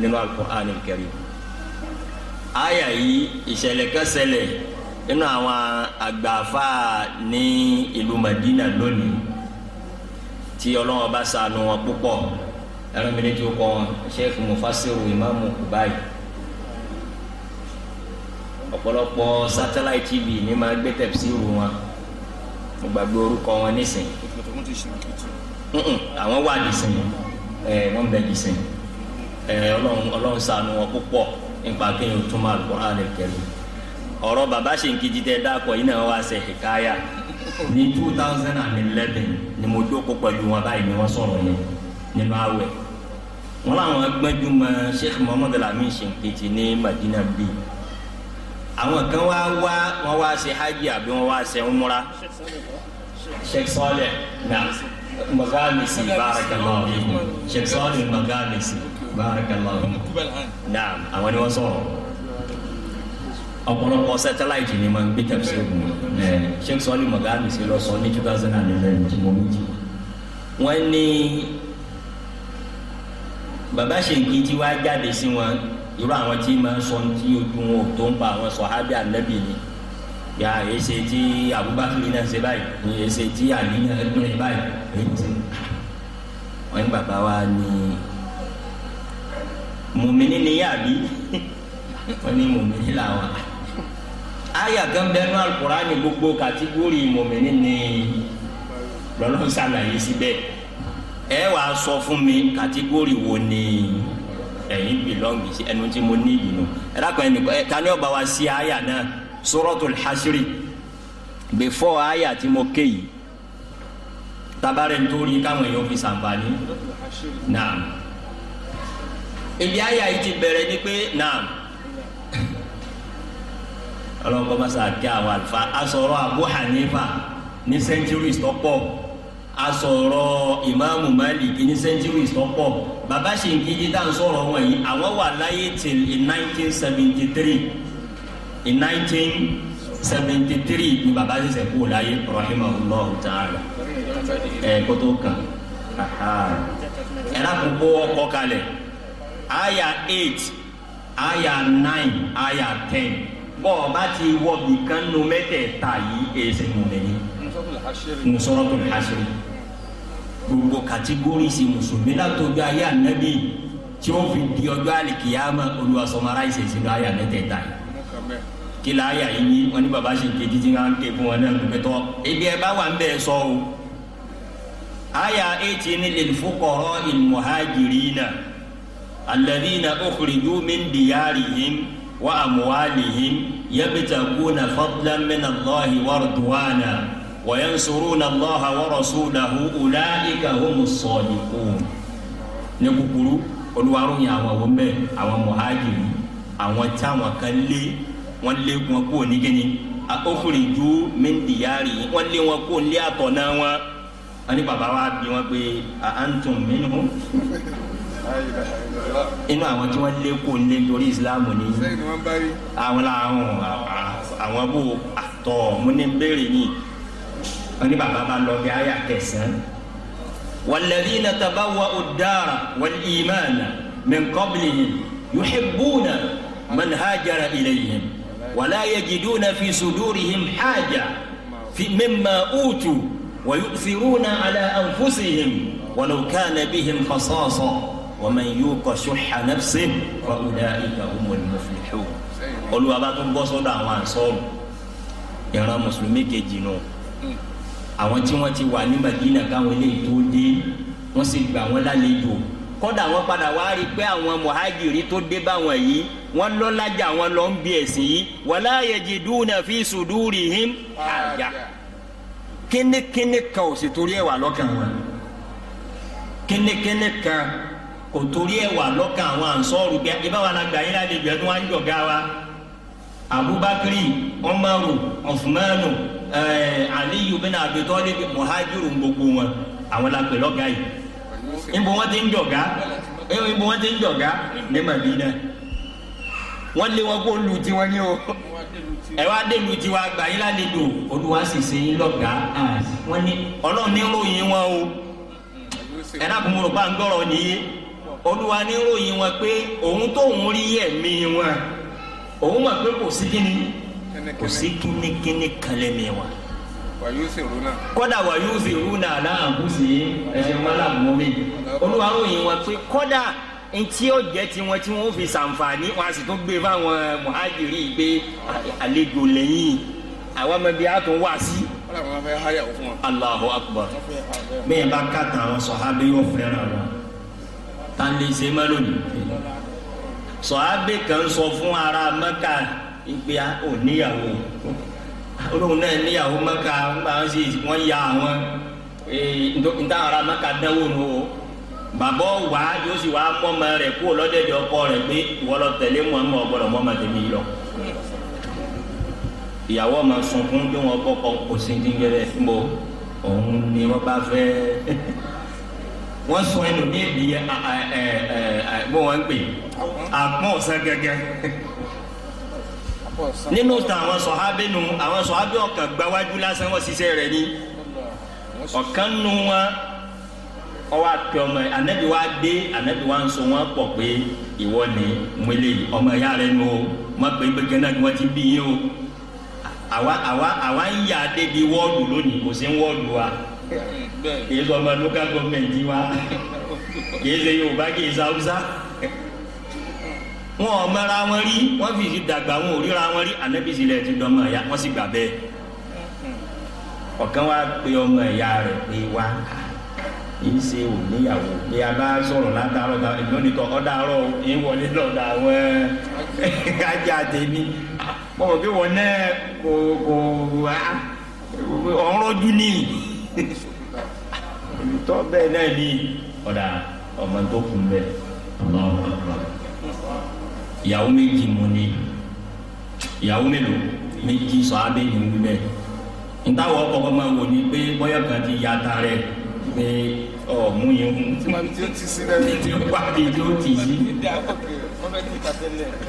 nínú Al-Qur'an Al-Karim. ìṣẹ̀lẹ̀ kẹsẹ̀lẹ̀ inú àwọn àgbààfà ní ìlú Madina lónìí tí ọlọ́wọ́n bá ṣàánú wọn púpọ̀ ẹran mi ní tí ó kọ́ wọn mufasiru imaamu kubayi ọ̀pọ̀lọpọ̀ satellite tv ní máa gbé tẹ̀síìrù wọn mo gbàgbé orúkọ wọn nísìnyí àwọn wà nísìnyí ẹ wọn bẹ nísìnyí ẹ ọlọ́run ọlọ́run ṣàánú wọn púpọ̀ nípa kéèyàn tún máa Al-Qur'an al-Karim ọ̀rọ̀ bàbá ṣèǹkìjì tẹ dákọ̀ yìí náà wá ṣe hikaya ní two thousand and eleven ni mo jókòó pẹ̀lú wọn báyìí ni wọ́n sọ̀rọ̀ yẹn nínú àwẹ̀ wọn làwọn gbẹ́jú mọ Sheikh Muhammad Lamin ṣèǹkìjì ní Madina bíi àwọn kan wá wá wọn wá ṣe hajj àbí wọn wá ṣe umra Sheikh Saleh náà magamisi barakallahu Sheikh Saleh magamisi barakallahu náà àwọn ni wọ́n sọ̀rọ̀ ọ̀pọ̀lọpọ̀ sẹtẹláìtì ni máa ń gbé tẹ̀sí ògùn ẹ̀ sheikh sọ́ọ́lì mọ̀gáàmì sí lọ sọ ní two thousand and eleven tí mo méjì. wọ́n ní bàbá ṣèǹkì tí wàá jáde sí wọn irú àwọn tí máa ń sọ tí ojú wọn ò tó ń pa àwọn sọ̀hábì ànábì ni yà èsè tí Abubakar náà ṣe báyìí èsè tí Ali náà ṣe báyìí wọ́n ní bàbá wa ní mùmíní níyàbí wọ́n ní mùmíní làwọn aya gan bẹ nu alukurani gbogbo katigori mọmẹni ni lọlọrun ṣàlàyé síbẹ̀ ẹ wàá sọ fún mi katigori wo ni ẹ̀yin bilọngi sí ẹnu tí mo ní ìdùnnú ẹ dákun ẹnì tani ọba wa sí aya náà suratul hasiri bẹfọ aya tí mo ké yìí tabarẹ nítorí káwọn èèyàn fi sàǹfààní naam ibi aya yìí ti bẹ̀rẹ̀ ni pé naam ọlọ́nkọ́ bá sàkí àwọn àlùfà asọ̀rọ̀ Abu Hanifa ní centuries tó asọ̀rọ̀ ìmáàmù Malik ní centuries tó pọ̀ bàbá ṣèǹkìjì tá à ń sọ̀rọ̀ wọn yìí àwọn wà láyé till in nineteen seventy three in nineteen seventy three ni bàbá ṣẹ̀ṣẹ̀ kú láyé rahimahullah ta'ala ẹ kótó kan ẹ lákòókò ọkọ kalẹ̀ aya eight aya nine aya ten bọ́ ọ bá ti wọ bìkan nu mẹ́tẹ̀ẹ̀ta yìí èsì mùmẹ́ni nusọ́rọ́tò hasiri gbogbo katigori si mùsùlùmí látọjú ayé ànábì tí ó fi di ọjọ́ àlìkìyàmà olùwàsọmọra ìṣèṣirò ayé àmẹ́tẹ̀ẹ̀ta yìí kila aya yìí ni wọn baba ṣe ń ké títí ká ń ké fún wọn náà lùpẹtọ ibi ẹ bá wà ń o aya eti ni lilfukọrọ ilmuhajirina alladhina ukhriju min diyarihim wa amwalihim. يبتغون فضلا من الله ورضوانا وينصرون الله ورسوله أولئك هم الصادقون نكوكولو olùwàrún yẹn àwọn àwọn bẹ́ẹ̀ àwọn muhajiri àwọn tí àwọn kan lé wọn lé wọn kó nígẹni akókòrìjú mẹndìyàrí wọn lé wọn kó lé àtọ náà wọn. wọn ní bàbá wa bí wọn pé à ń tún mí nù. inú àwọn tí wọ́n lé kó lé torí islam ni àwọn làwọn àwọn bò àtọ̀ mo ní bèrè ni wọ́n ní bàbá bá lọ bí àyà kẹsàn-án. والذين تبوأوا الدار والإيمان من قبلهم يحبون من هاجر إليهم ولا يجدون في صدورهم حاجة في مما أوتوا ويؤثرون على أنفسهم ولو كان بهم خصاصة wa man yuqa shuhha nafsihi fa ulaika humul muflihun olúwa bá tún bọ́ sọ́dọ̀ àwọn ànsọ́ọ̀rù ìran mùsùlùmí kejì nù àwọn tí wọ́n ti wà ní Madina káwọn eléyìí tó dé wọ́n sì gbà wọ́n lálejò kódà wọ́n padà wá rí i pé àwọn muhajiri tó dé báwọn yìí wọ́n lọ́lájà wọn lọ ń bí ẹ̀sìn yìí wala yajiduna fi sudurihim àjà kínníkínní kan ò sì torí ẹ̀ wà lọ́kàn wọn kínníkínní kan. kò torí ẹ̀ wà lọ́kàn àwọn ànsọ́ọ̀rù pé bá wà lágbà yín lálejò ẹ̀dùn wá ń wa abubakar umaru usmanu ẹ̀ẹ́ eh, aliyu bin abi talib muhajiru gbogbo wọn àwọn la pè yìí níbo wọ́n ti ń jọ̀gá eh, níbo wọ́n ti ń jọ̀gá ní wọ́n lé wọn kó lu tiwọn ní o ẹ wá dé lu olúwa ní ròyìn wọn pé òun tóun rí ẹ̀mí wọn òun mọ̀ pé kò sí kíni kò sí kínníkínní kan lẹ́mí wọn. kódà wàyú zèrúnà aláàbùsì ẹ̀sìn wọn làbùmọ́ mi olúwa ròyìn wọn pé kódà ntí ó jẹ tiwọn tí wọn fi ṣàǹfààní wọn a sì tún gbé fáwọn muhajiri gbé àlejò lẹ́yìn àwọn ọmọ bíi àtún wá sí. Allahu akbar bẹ́ẹ̀ bá kàtà àwọn sọ̀hábẹ́ yóò fẹ́ràn wọn ta lè ṣe mọ́ lónìí. sọ̀hábẹ́ kan sọ fún ara mẹ́ka ìgbé ò níyàwó olóhùn náà níyàwó mẹ́ka ńgbà wọn sì wọ́n ya àwọn ntá ara mẹ́ka dánwò nù o bàbá wà yóò sì wà mọ́mọ rẹ̀ kó lọ́dẹ̀dẹ̀ ọkọ rẹ̀ pé wọ́lọ́ tẹ̀lé mọ́mọ́ ọgbọ́dọ̀ mọ́mọ́ tẹ̀mí lọ ìyàwó ma sunkún bí wọn kọkọ kò sí ní gẹrẹ fún bọ òun ni wọn bá fẹ́ wọ́n sọ ẹlòmíì di ẹ ẹ ẹ bó wọ́n ń pè àpọ̀ ọ̀sán gẹ́gẹ́ nínú ta àwọn sọ̀hábẹ́ nu àwọn sọ̀hábẹ́ ọ̀kan gbáwájú lásán wọ́n ṣiṣẹ́ rẹ̀ ni ọ̀kan nu wọn ọwọ́ àpẹ ọmọ ẹ̀ anabi wa gbé anabi wa ń so wọn pọ̀ pé ìwọ ni mọ́lẹ̀ ọmọ ẹ̀yà rẹ̀ nu o mọ̀ pé gbẹgẹ́ náà ni wọ́n ti bí yín o àwa àwa àwa ń yà débi wọ́ọ̀lù lónìí kò sí wọ́ọ̀lù wa kì í sọ ọmọ local wa kì í ṣe Yorùbá kì í ṣe Haúsá wọn ò mọra wọn rí wọn fi fi dàgbà wọn ò ríra wọn rí ànábìsí rẹ ti dọmọ ẹyà wọn sì gbà bẹ́ẹ̀ ọ̀kan wa pe ọmọ ẹyà rẹ pé wá yìí ṣe ò níyàwó pé a bá sọ̀rọ̀ látàárọ̀ ta ìgbọ́n ní ọ̀dàárọ̀ ń wọlé lọ́dà àwọn ajá tèmi mọ̀ pé wọn náà kò kò ọ̀rọ̀jú nìyí tọ́ bẹ́ẹ̀ náà ní ọ̀dà ọmọ tó kún bẹ́ẹ̀ ọlọ́run ọ̀rọ̀ ìyàwó méjì mú ni ìyàwó mélòó méjì sọ abẹ́ ni wú bẹ́ẹ̀ ntàwọn ọkọ̀ máa wò ni pé bọ́yọ̀ kan ti ya ta rẹ̀ pé ọ̀ mú yín mú tí ó ti sí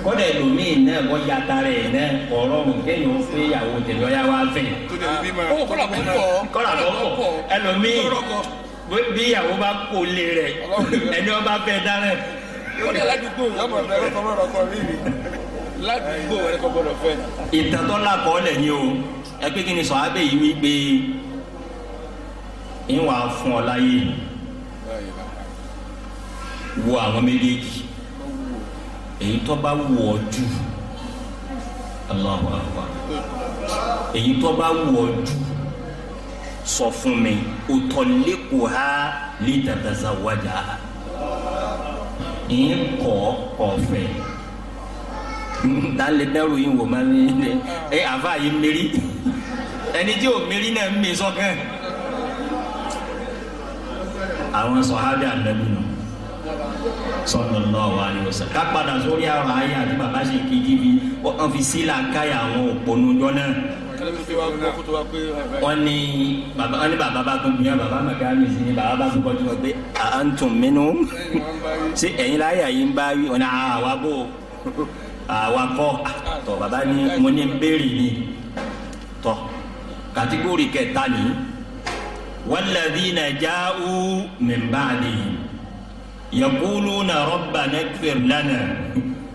kódà ẹlòmíì náà bọ́ yàtà rẹ̀ náà ọ̀rọ̀ kéèyàn ó fẹ́ ìyàwó tẹ̀lé ọ̀yà wa fẹ́. kọ́là bọ́ pọ̀ kọ́là bọ́ pọ̀ ẹlòmíì bí ìyàwó bá kó lé rẹ̀ ẹni ọba fẹ́ dára. kódà ládùúgbò yàtọ̀ ẹ̀rọ kọ́ bọ́dọ̀ kọ́ rí rí ládùúgbò ẹ̀rọ kọ́ bọ́dọ̀ fẹ́. ìtàtọ́lá kọ́ lẹ̀ ni o ẹ pé kí ni sọ abẹ́ yìí wípé ń fún ọ láyé wo àwọn méjèèjì èyí tó bá wù ọ́ jù Allahu Akbar èyí tó bá wù ọ́ jù sọ fún mi o tọ lẹkọọ ha lè dàdàzà wájà ìyẹn kọ ọfẹ dalẹ dẹrù yìí wò má mi ẹ àfa yìí mérí ẹni tí o mérí náà ń mi sọkàn àwọn sọhábì ànábì nù sallallahu alaihi wasallam ká padà sórí àwọn ayé àti bàbá ṣe kejì fi wọn fi sílà káyà àwọn òpònú jọ náà. wọ́n ní bàbá wọ́n ní bàbá bá tún bíyàn bàbá màkà mi sí ni bàbá bá tún kọjú wọn pé à ń tún mí nù. ẹ̀yin láyé àyè ń bá wí ọ̀nà ah, àwa bò àwa kọ́ ah, tọ̀ bàbá ni mo ní bẹ́ẹ̀rì ni tọ̀ kàtígórì kẹta ni walladhina ja'u min ba'dihim. يقولون rabbana ighfir لنا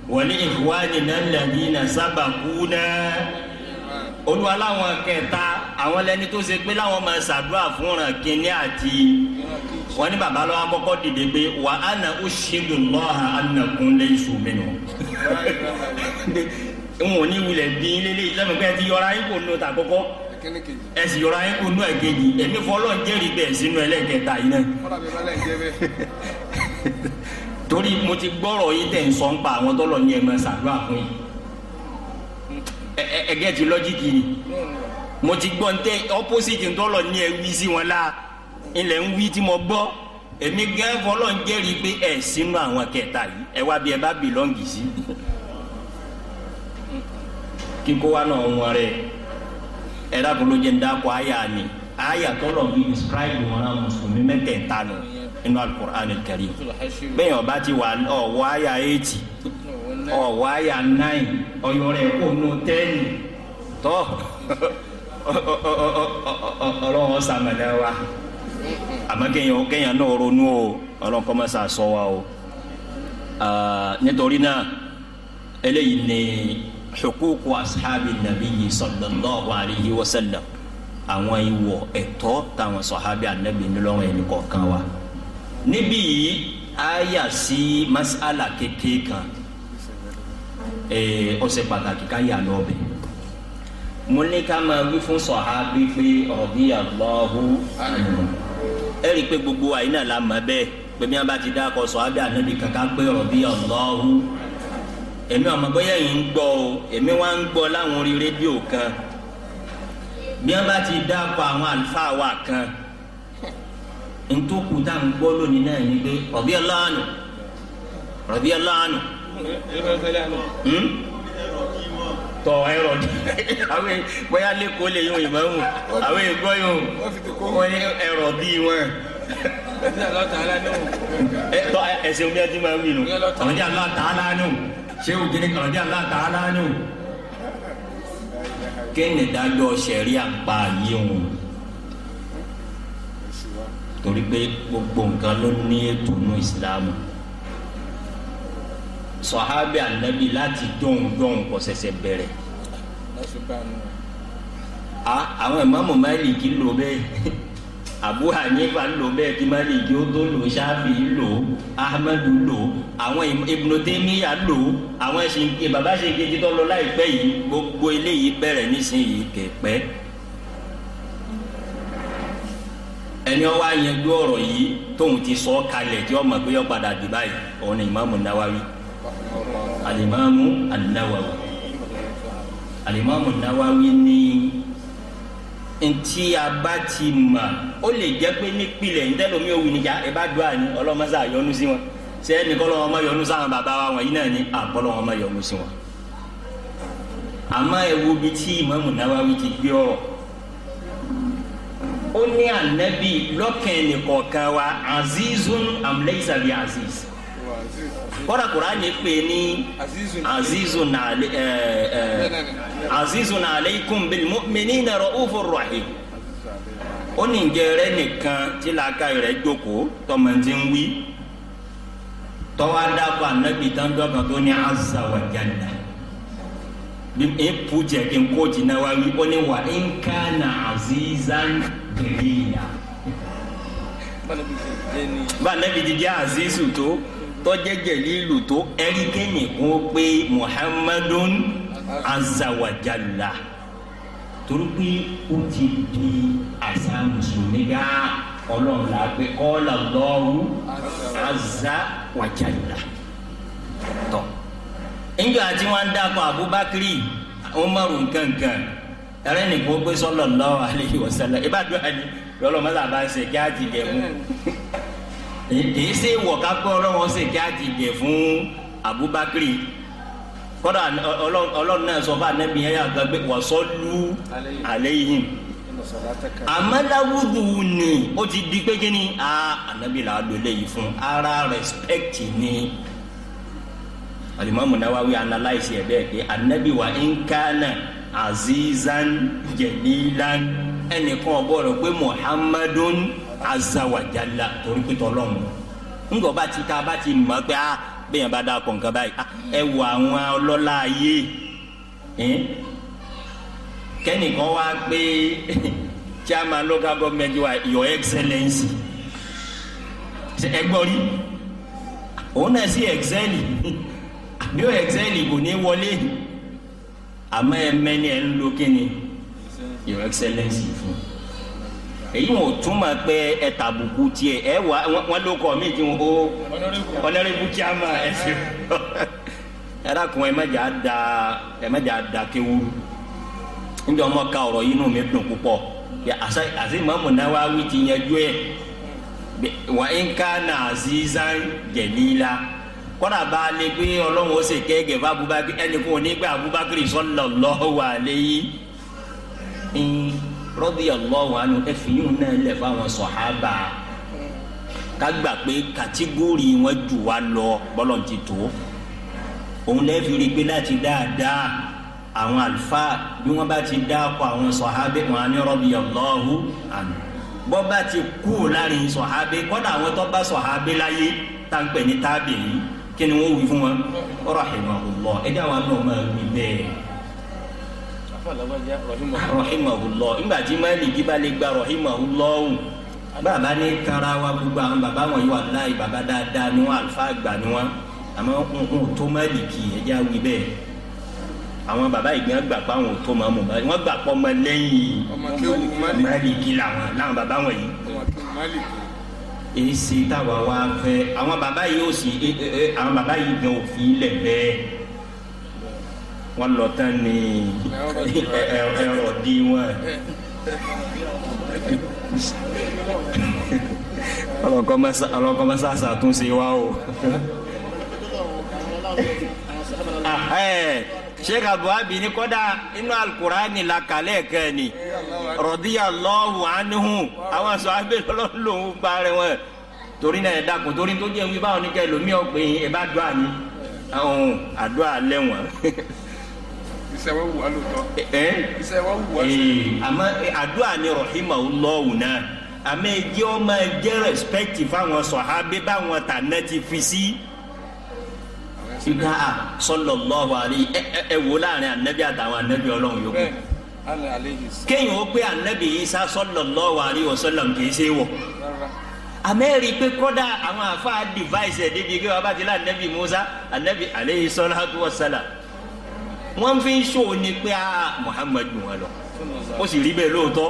ولإخواننا الذين سبقونا alladhina sabaquna olúwa láwọn kẹta àwọn lẹni tó ṣe pé láwọn máa ṣàdúrà fúnra kínní àti wọn ní baba lọ́wọ́ akọ́kọ́ dìde pé wa ana ushidu Allaha annakum laysu minhu n ò ní wulẹ̀ bí lélẹ́yìí lẹ́nu pé ẹ ti yọra yín kò nù tà kọ́kọ́ ẹ sì yọra yín kò nù ẹ̀kejì èmi fọlọ́ ń jẹ́rìí bẹ́ẹ̀ sínú ẹlẹ́kẹta yìí náà torí mo ti gbọ́rọ̀ yìí tẹ̀ ń sọ ń pa àwọn tọ́lọ̀ ní ẹ̀mọ ṣàdúrà fún yìí ẹ̀gẹ́ ti lọ́jìkì ni mo ti gbọ́ ntẹ́ opposite tọ́lọ̀ ní ẹ wí sí wọn la ilẹ̀ ń wí tí mo gbọ́ èmi gẹ́ fọlọ́ ń jẹ́rìí pé ẹ̀ sínú àwọn kẹta yìí ẹ wá bí ẹ bá bìlọ́ǹgì sí kíkó wa náà wọn rẹ ẹ dákun ló jẹ́ ń dákun àyà ni àyà tọ́lọ̀ bí describe wọn náà mùsùlùmí mẹ́tẹ̀ẹ̀ta nù nínú alukur'an kari bẹ́ẹ̀ ọba ti wà ọ wáyà eighty ọ wáyà nine ọyọ rẹ kò nù ten tọ ọlọ́wọ́ sàmẹ̀lẹ̀ wa àmọ́ kéèyàn kéèyàn náà ronú o ọlọ́wọ́ kọ́ mọ́sá sọ wa o nítorí náà eléyìí ni hukuku ashabi nabiyyi sallallahu alayhi wa sallam àwọn ìwọ ẹ̀tọ́ táwọn sọ̀hábì anabi ńlọrọ̀ ẹnì kọ̀ọ̀kan wa. níbí yìí a yà sí masala kékeré kan ó ṣe pàtàkì ká yà lọ mo ní ká máa wí fún sọ̀hábí pé radiyallahu anhu ẹ gbogbo àyínà la mọ̀ bẹ́ẹ̀ pé bí wọ́n bá ti dákọ̀ sọ̀hábí ànábì kankan pé radiyallahu èmi ọmọ bóyá yìí ń gbọ́ o èmi wá ń gbọ́ láwọn orí rédíò kan bí wọ́n bá ti dákọ̀ àwọn àlùfáà wà kan. ntókù tá à ń gbọ́ lónìí náà ni pé radiyallahu anhu radiyallahu anhu. Hmm? tọ ẹrọ àwọn bóyá lẹ́kọ̀ọ́ lè yún ìmọ̀ ẹ̀hún àwọn èèkọ́ yún wọ́n ní ẹrọ bíi wọn. tọ ẹsẹ̀ omi ẹtí máa ń wí nù radiyallahu ta'ala anhu ṣé o jẹ́ radiyallahu ta'ala anhu. kéènì dájọ́ sẹ̀ríà pa yìí wọn torí pé gbogbo nǹkan ló ní ètò nù ìsìlámù sọ̀hábì ànábì láti dóhùn dóhùn kò ṣẹ̀ṣẹ̀ bẹ̀rẹ̀ àwọn ìmáàmù Málíkì lò bẹ́ẹ̀ Abu Hanifa lò bẹ́ẹ̀ kí Málíkì ó tó lò Ṣáfì lò Ahmadu lò àwọn Ibn Taymiyyah lò àwọn baba ṣe kejì tó lọ láìpẹ́ yìí gbogbo eléyìí bẹ̀rẹ̀ nísìnyí kẹ̀pẹ́. ẹni ọwọ́ àyẹ̀dú ọ̀rọ̀ yìí tóun ti sọ kalẹ̀ tí ọmọ pé yọ padà dì báyìí òun ni ìmáàmù náwáwí alimami anáwáwí alimami náwáwí ní ntí a bá ti mà ó lè jẹ́ pé nípìlẹ̀ ntẹ́lómi òwú níjà ẹ bá dùn àní ọlọ́mọsá yọ́nú sí wọn ṣé ẹnìkan lọ́wọ́ ọmọ yọ́nú sáwọn bàbá wa wọn yìí náà ní àpọ́lọ́wọ́ ọmọ yọ́nú sí wọn àmọ́ ẹ wo bi tí ìmáàmù náwáwí ti gbé ọ̀rọ̀ ó ní ànábì lọ́kàn ẹnìkọ̀ọ̀kan wa azizun amlẹ́sàbí aziz kọ́ra ni pè ní azizun ale ẹẹ ẹẹ azizun aleikum bil mu'minina ra'ufur rahim ó ní njẹrẹ nìkan tí laaka yẹrẹ jókòó tọmọdé ń wí tọ́wádàpọ̀ ànábì tán dọ́kan tó ní azza wa n project nkoji na wa wi ɔne wa nka na azizan gẹlẹya bá anabi didi azizu tó tọjẹ jẹlilu tó ẹrikẹni kó pé muhammadun azawajalla torí pé ó ti di àṣà mùsùlùmí dá ọlọ́run la pé kọ́ làlọ́rù azawajalla tọ́ níjọ́ àti wọ́n ń dákọ̀ Abubakari Umaru nkankan ẹ̀rẹ́ nìkan ó gbé sallallahu alaihi wasallam ìbádùn àní lọ́lọ́mọ́sá bá ń ṣe kí á ti jẹ fún kì í ṣe wọ̀ká pé ọlọ́wọ́n ṣe kí á ti jẹ fún Abubakari kọ́dà ọlọ́run náà sọ fún anabi yẹn yàgbá pé wasallu alaihim amadawudu ni ó ti di pé kí ni anabi ah, làá lò léyìí fún ara respect ni alimami nawawi analyze ẹ bẹ́ẹ̀ pé anabi wa nkana azizan jẹlilan ẹnìkan ọgbọrọ pé muhammadun azawajala torí pé tọlọmù ńgọ bá ti ta bá ti mọ pé a ah, bẹ́ẹ̀ bá dà kọ̀ nǹkan báyìí ah, ẹ wọ àwọn ọlọ́lá ayé kẹ́nìkan wá pé chairman local government wa your excellence ẹgbọ́n rí òun náà sí excel bí ó excel kò ní wọlé àmọ́ ẹ mẹ́ni ẹ ń lo kíni your excellence fún èyí wọn ò túmọ̀ pé ẹ tàbùkù tiẹ̀ ẹ wà wọn ló kọ́ mí tí o ó ọ̀nàrẹ́bù kí a ẹ dákun ẹ má da ẹ da kéwúrú níbi ọmọ ka ọ̀rọ̀ yìí nù mí dùn púpọ̀ kọ́dà bá a lè pé ọlọ́run ó sì kẹ́gẹ́ fún abubakar ẹni kò ní gbà abubakar sallallahu alayhi radiyallahu anhu ẹ̀fìyún náà lẹ̀ fáwọn sọ̀hábà ká gbà pé kàtígórì wọn jù wá lọ bọ́lọ̀ ti tó òun lẹ́ẹ̀fì rí i pé láti dáadáa àwọn àlùfáà bí wọ́n bá ti dáàkọ àwọn sọ̀hábà wọn ní radiyallahu anhu bọ́ bá ti kú láàrin sọ̀hábà kọ́dà àwọn tó bá sọ̀hábà láyé tá ń pè ní tábìlì kí ni wọ́n wí fún wa rahimahullah ẹ̀dá wa náà máa wí bẹ́ẹ̀ rahimahullah nígbà tí Málíkì bá lè gba rahimahullah ọ̀hún bàbá ní kara wa gbogbo àwọn bàbá wọn yìí wà láàyè bàbá dáadáa ni wọn àlùfáà àgbà ni wọn àmọ́ nǹkan tó Málíkì ẹ̀dá wí bẹ́ẹ̀ àwọn baba yìí gbà pa àwọn tó máa mú báyìí wọn gbà pọ ọmọ lẹ́yìn Málíkì làwọn làwọn baba wọn yìí èsì táwa wá fẹ́ àwọn bàbá yìí ò sì àwọn bàbá yìí gan òfin lẹ̀ bẹ́ẹ̀ wọ́n lọ tán ní ẹ̀rọ di wọn. ọlọ́kọ́ mọ́sá ṣàtúnṣe wa o. Ah, sheikh abuabi ni kódà inú alukurani la kalẹ̀ kẹ́ni radiyallahu anhu àwọn sọ abẹ́ lọ́lọ́lọ́hún parẹ́ wọn torí náà ẹ dákun torí tó jẹ́ wípé àwọn oníkẹ́ lomi ọ̀gbìn ẹ bá dùn àní ọ̀hún àdúrà lẹ́wọ̀n. ìṣẹ̀wọ́ wù wá lóòótọ́. ìṣẹ̀wọ́ wù wá lóòótọ́. àmọ́ àdúrà ni rahimahullahu náà àmọ́ ẹ jẹ́ ọmọ ẹ jẹ́ respect fáwọn sọ̀hábẹ́ báwọn tàná ti fi sí. Si ìdá a sallallahu alaihi ẹ ẹ wò láàrin anabi àtàwọn anabi Ọlọ́run yòókù kéèyàn ó pé anabi Isa sallallahu alaihi wasallam kìí ṣe wọ amẹ́rì pé kọ́dà àwọn àfa device ẹ̀ débi kí bá ti lá anabi Musa anabi alaihi salatu wassalam wọ́n fi ń sọ ni pé a Muhammadu wọn lọ ó sì rí bẹ́ẹ̀ lóòótọ́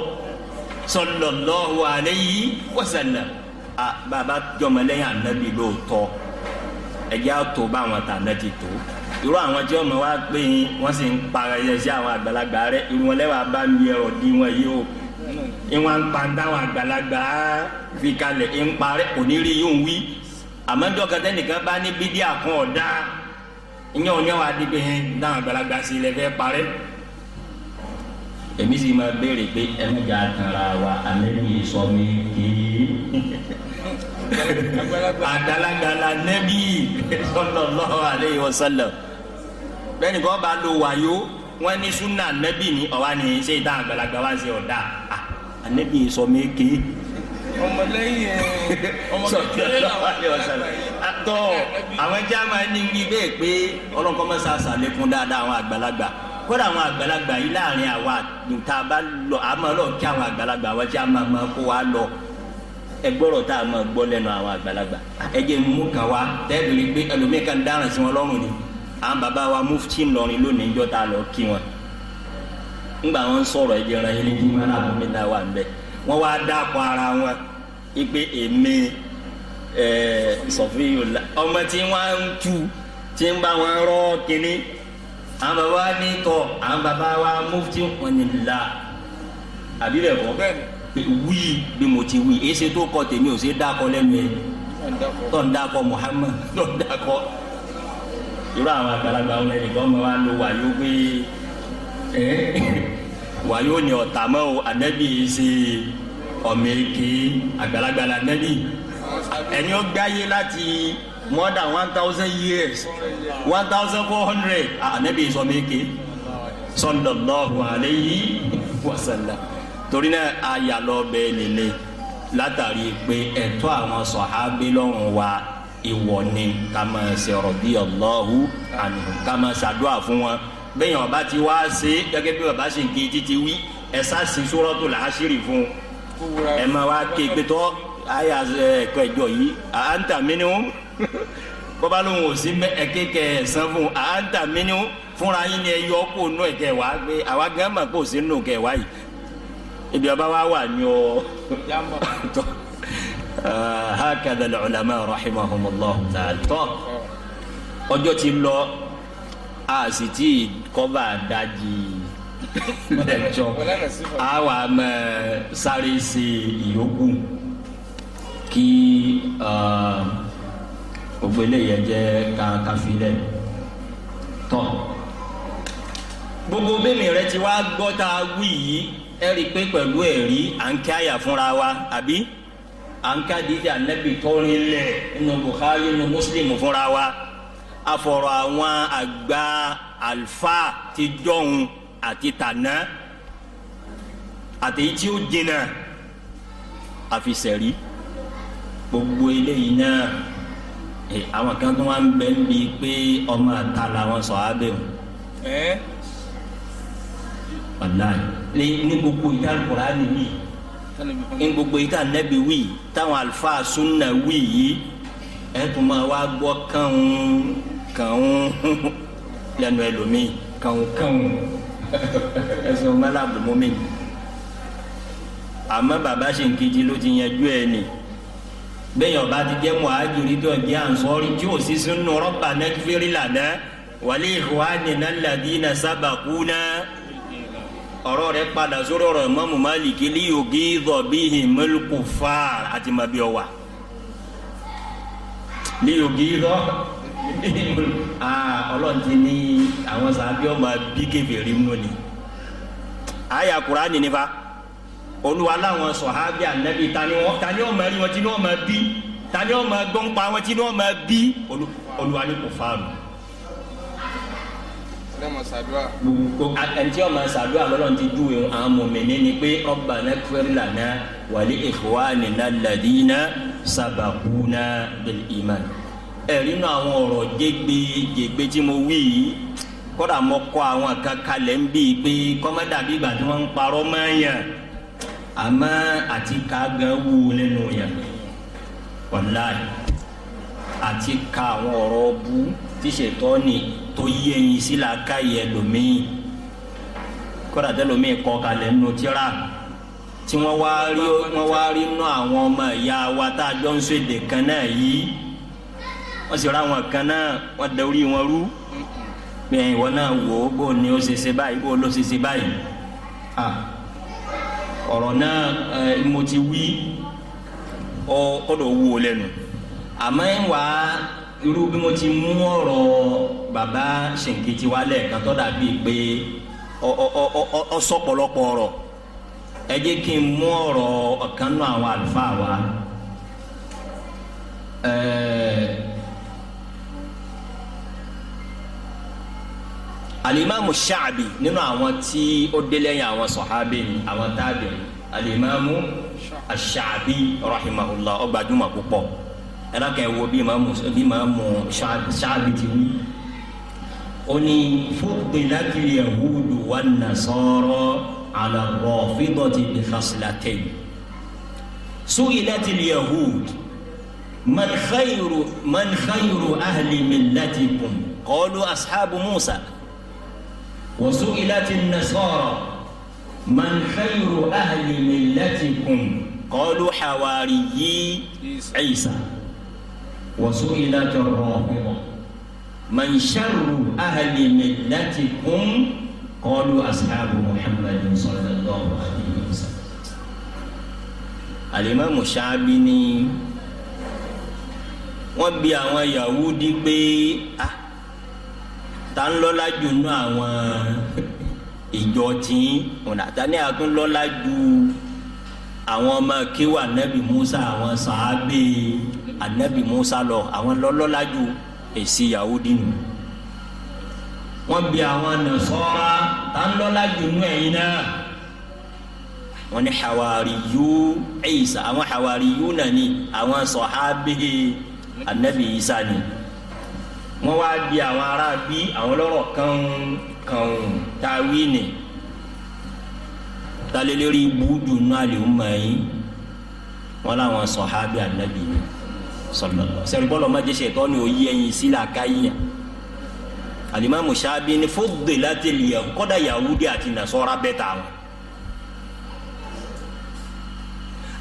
sallallahu alaihi wasallam a bàbá jọmọlẹ́yìn anabi lóòótọ́ ẹjẹ àtò bá àwọn tàná ti tó irú àwọn tí ọmọ wa pé wọn sì ń para ẹyẹ sí àwọn àgbàlagbà rẹ irú wọn lẹwàá bá mi ẹrọ di wọn yìí o ìwọn ń pa táwọn àgbàlagbà fi kalẹ̀ ń parẹ́ kò yóò wí àmọ́ dọ́kẹ́tẹ́ nìkan bá ní bídí àkàn ọ̀dá ìyẹn ò ní wàá di pé táwọn àgbàlagbà sí ilẹ̀ fẹ́ parẹ́ èmi sì máa béèrè pé ẹnu jà tara wa àmẹ́bí sọ mi kì í àgbàlagbàla nẹ́bí sallallahu alayhi wa sallam bẹ́ẹ̀ni kọ́ bá lo wàyó wọ́n ní súnà nẹ́bí ni ọ̀wá ni ṣé ìdá àgbàlagbà wá sí ọ̀dà ànẹ́bí sọ mí ké ọmọlẹ́yìn ọmọ kékeré làwọn yọ ṣẹlẹ̀. àtọ àwọn ẹja máa ní wí bẹ́ẹ̀ pé ọlọ́kọ́ máa sa àṣàlékún dáadáa àwọn àgbàlagbà kódà àwọn àgbàlagbà yìí láàrin àwa tá a bá lọ àmọ́ lọ kí àwọn àgbàlagbà wa tí a máa kó wa lọ ẹgbọ́rọ̀ tá a máa gbọ́ lẹ́nu àwọn àgbàlagbà ẹjẹ mú kan wá tẹ́lifí pé ẹlòmíì kan dáràn sí wọn lọ́rùn ni àwọn bàbá wa mufti ńlọrin lónìí ńjọ́ tá a lọ kí wọn ńgbà wọn sọ̀rọ̀ ẹjẹ ran yín lójú wọn làwọn mi náà wà ń bẹ wọn wá dákọ̀ ara wọn ipe èmi sọfíyòlá ọmọ tí wọn tu tí ń bá wọn rọ kínní àwọn bàbá wa ní tọ àwọn bàbá wa mufti wọn ni là àbí bẹ́ẹ̀ kọ́ bẹ́ẹ̀ wí bí mo ti wí èsì tó kọ tèmi ò sí dákọ lẹ́nu ẹ̀ tó ń dákọ Muhammad tó ń dákọ irú àwọn àgbàlagbà wọn ẹnìkan máa wá lo wàyó pé ẹ wàyó ni ọ̀tá mọ́ o ànábì yìí ṣe ọmọ èké àgbàlagbà la ànábì ẹni ó gbáyé more than one thousand years one thousand four hundred ah, ànábì yìí sọ ọmọ èké sallallahu alayhi torí náà a yà lọ bẹ́ẹ̀ lélẹ̀ látàrí pé ẹ̀tọ́ àwọn sọ̀hábí lọ́rùn wa ìwọ ni ká máa ṣe radiyallahu anhu ká máa ṣàdúrà fún wọn bẹ́ẹ̀ yẹn ọba ti wá ṣe gẹ́gẹ́ bí baba ṣe ń kí títí wí ẹ̀ sá sí Suratul Hashiri fún ẹ̀ máa wá ké pé tọ́ àyà ẹ̀kọ́ ìjọ yìí à ń tà mí ni sí mẹ́ ẹ̀kẹ́ kẹ́ fún à ń fúnra yín ni ẹ yọ kó nù ẹ̀kẹ́ wá gbé àwa gán mà kó sínú kẹ́ wá yìí ibi ọba wa wà ní o tọ hakadha al-ulama rahimahumullahu ta'ala tọ ọjọ́ ti lọ a sì ti kọ́ba dájì lẹ́jọ́ a wà mọ sáré ṣe ìyókù kí gbogbo eléyẹ jẹ́ kàkàfilẹ̀ tọ gbogbo bẹ́ẹ̀ mi rẹ ti wá gbọ́ wí yìí ẹ rí i pé pẹ̀lú ẹ̀rí à ń kí àyà fúnra wa àbí à ń ká dídí ànábì tọrin lẹ̀ nínú Bukhari nínú Muslim fúnra wa afọ̀rọ̀ àwọn àgbà alfa ti dọ̀hun àti tànà àtẹ̀yí tí ó jìnnà àfisẹ̀rí gbogbo eléyìí náà eh, àwọn kan tó wá ń bẹ ń bi pé ọmọ àtàlà wọn sọ abẹ́ wọn wàláyé ní ní gbogbo ìta Kùránì wí ní gbogbo ìta Ànábì wí táwọn àlùfáà súnà wí yìí ẹ tún máa wá gbọ́ kàún kàún lẹ́nu ẹlòmíì kàún kàún ẹsẹ̀ ọmọ aláàbòmọ́ mi àmọ́ bàbá ṣe ń kejì ló ti yanjú ẹ nì bẹ́ẹ̀ ọba ti jẹ́ muhajiri tó jẹ́ ansọ́rí tí ó sì sunu rọ́bà nẹ́kífẹ́rì lànà wàlẹ́ ìhùwà nínú aládìí na sábà kú náà ọ̀rọ̀ rẹ̀ padà sórí ọ̀rọ̀ Imamu Maliki li yugidha bihimul kufar àti màbí ọ̀wà li yugidha bihimul ọlọ́ọ̀tì ní àwọn sàbí ọmọ bí kébèrè mú ni àyà Kùránì ní fa olúwa láwọn sọ̀hábí ànábì tani wọ́n máa rí wọn tí wọ́n máa bí tani wọ́n máa gbọ́n pa wọn tí wọ́n máa bí olúwa ní kò fáànù àtẹnjẹ́ ọmọ sàdúrà lọ́lọ́run ti dùn ìhun àwọn mọ̀mìnì ni pé rabbana ighfir lana wa li ikhwanina alladhina sabaquna bil iman. ẹ̀rí nu àwọn ọ̀rọ̀ jégbe jégbe tí mo wí yìí kódà mo àwọn kan kalẹ̀ ń bí pé kọ́mọ́dà bí ìgbà tí ń parọ́ mọ́ yàn àmọ́ àti ká gan wú lẹ́nu yàn wallahi àti ká àwọn ọ̀rọ̀ bú tíṣetọ́ ni tó yẹyin sí la ká yẹ lomiin kódà tẹ lomiin kọ kalẹ̀ nù tíra tí wọ́n wá rí wọ́n wá rí nù àwọn ọmọ ìyá wa tá a jọ ń sọ èdè kan náà yìí wọ́n sì ra àwọn kan náà wọ́n da orí wọn rú bẹ́ẹ̀ ìwọ náà wò ó bó ni ó báyìí bó ló ṣe báyìí ọ̀rọ̀ náà mo ti wí ó kọ́dọ̀ wú o lẹ́nu àmọ́ ń wàá irú bí mo ti mú ọ̀rọ̀ bàbá ṣèǹkìtì wa lẹ́ẹ̀kan tó dàbí pé ọ sọ̀pọ̀lọpọ̀ ọ̀rọ̀ ẹ jẹ́ kí n mú ọ̀rọ̀ ọ̀kan náà àwọn àlùfáà wa alimami Sha'bi nínú àwọn tí ó dé lẹ́yìn àwọn sọ̀hábì ni àwọn tábìlì alimami shaabi, rahimahullah ó gbajúmọ̀ púpọ̀ ẹlẹ́kẹ̀ wo bí màmú bí màmú ṣáàbì ti wí. ó ní fúdìlákì yahudu wà nasọ́rọ́ alàbọ̀ fídọ̀tì bìfàsílàtẹ̀. sùgìlátì yahudu man khayru man khayru ahli millatikum qalu ashabu musa. وسئلت النصارى من خير أهل ملتكم قالوا حواري عيسى وسئل جراحهم من شر أهل ملتكم قالوا أصحاب محمد صلى الله عليه وسلم الإمام الشعبي ni wọ́n bi àwọn Yahudi pé ah ta ń lọ́lá jù nú àwọn ìjọ tìǹ ọ̀nà àtàní àtúnlọ́lá ju àwọn ọmọ kéwà nẹ́bí Musa àwọn sàábé anabi musa lọ àwọn lọ́lọ́lá ju èsì yahudi nù wọ́n bi àwọn nasọ́ra tá ń lọ́lá ju nù ẹ̀yin náà wọ́n ní hawari yóò ẹyisa àwọn hawari yóò nani àwọn sọhábìhì anabi isa ni wọ́n wá bi àwọn ará bí àwọn lọ́rọ̀ kan kan táwí ni talelere ibu dunu aliwu mayi làwọn sọhábì anabi ni sọlọlọ sẹrùbọlọ májè ṣètọ́ ni òye ẹyin sílà káyìyàn alimami sábẹ ni fọdùdè láti lè kọ́dà yahudi àti nasọ́ra bẹ́ẹ̀ tà wọn.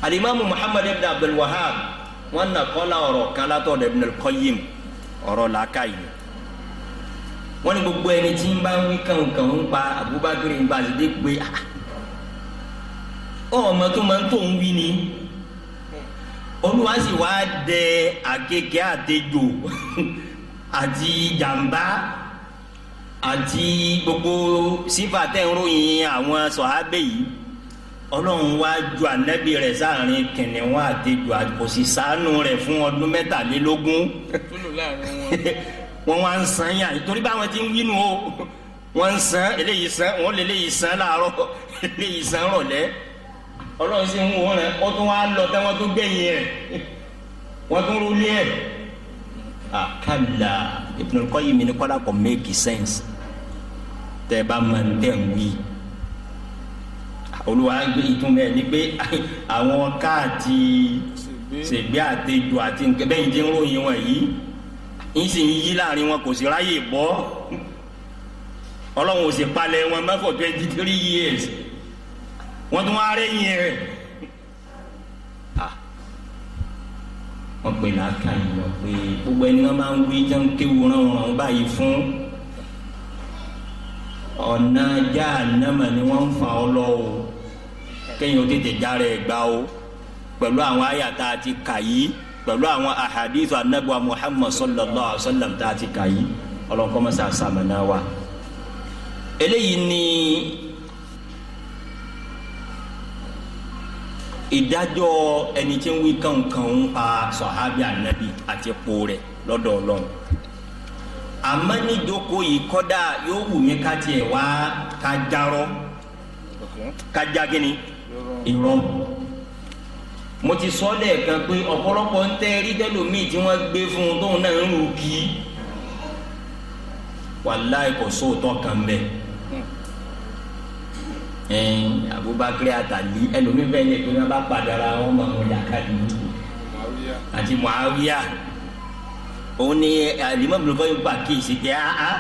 alimami muhammad ibn abdul wahab wọn nà kọ́lá ọ̀rọ̀ kan látọ̀ ibn al-qayyim ọ̀rọ̀ làákà yìí wọn ni gbogbo ẹni tí ń bá ń wí kànkàn ń pa abubakar ń gbàdúgbò pé ah, ah, ọmọ tó máa ń tó ń wí ni olúwa sì wá dẹ àkekèé àtejò àti jàǹbá àti gbogbo sífà tẹ̀ ń ròyìn àwọn sọ̀hábẹ́ yìí ọlọ́run wá ju ànábì rẹ̀ sáàrin kìnìún àtejò kò sì ṣàánú rẹ̀ fún ọdún mẹ́tàlélógún wọ́n wá ń san yàn nítorí báwọn ti ń wínú o wọ́n ń san eléyìí san wọ́n lè léyìí san láàárọ̀ eléyìí san rọ̀lẹ́ ọlọ́run sì ń wò rẹ̀ ó tún wá lọ tẹ́ wọ́n tó gbẹ̀yìn rẹ̀ wọ́n tún rú lé ẹ̀. àkàlà Ibn al mi ní kọ́lá kò make sense tẹ́ ẹ bá máa ń tẹ̀ ń wí. olúwa gbé ìtumọ̀ ẹ̀ ní pé àwọn káàtì ṣègbè àtẹjù àti nǹkan bẹ́ẹ̀ ti ń ròyìn wọn yìí ń sì ń yí láàrin wọn kò sí ráyè bọ́ ọlọ́run ò sì palẹ̀ wọn mẹ́fọ̀ twenty three years wọ́n tún wá rẹ́ yìn rẹ̀ wọ́n pè láàkà yìí lọ pé gbogbo ẹni náà máa ń wí jẹun kéwu ràn wọ́n báyìí fún ọ̀nà ajá ànámà ni wọ́n ń fa ọ lọ o kéèyàn ó tètè jára ẹ̀ gbá o pẹ̀lú àwọn àyàtà àti kàyí pẹ̀lú àwọn ahadith anabu muhammad sallallahu alaihi wa sallam tá a ti kàyí ọlọ́nkọ́ mọ́sá sàmìnà wa eléyìí ni. ìdájọ́ ẹni tí ń wí ń pa sọ̀hábì ànábì àti po rẹ̀ lọ́dọ̀ ọlọ́run àmọ́ níjókòó yìí kọ́dà yóò wù mí ká tiẹ̀ wá ká jarọ́ ká mo ti sọ lẹ́ẹ̀kan pé ọ̀pọ̀lọpọ̀ ń tẹ́ rí tẹ́lómi tí wọ́n gbé fún un tóun náà ẹn Abubakar Atali ẹlòmí bẹ́ẹ̀ lè pe wọn bá padàra wọn mọ àwọn yakari àti Muawiya òun ni eh, alimami lọ́kọ́ yóò gbà kéèsì tẹ áá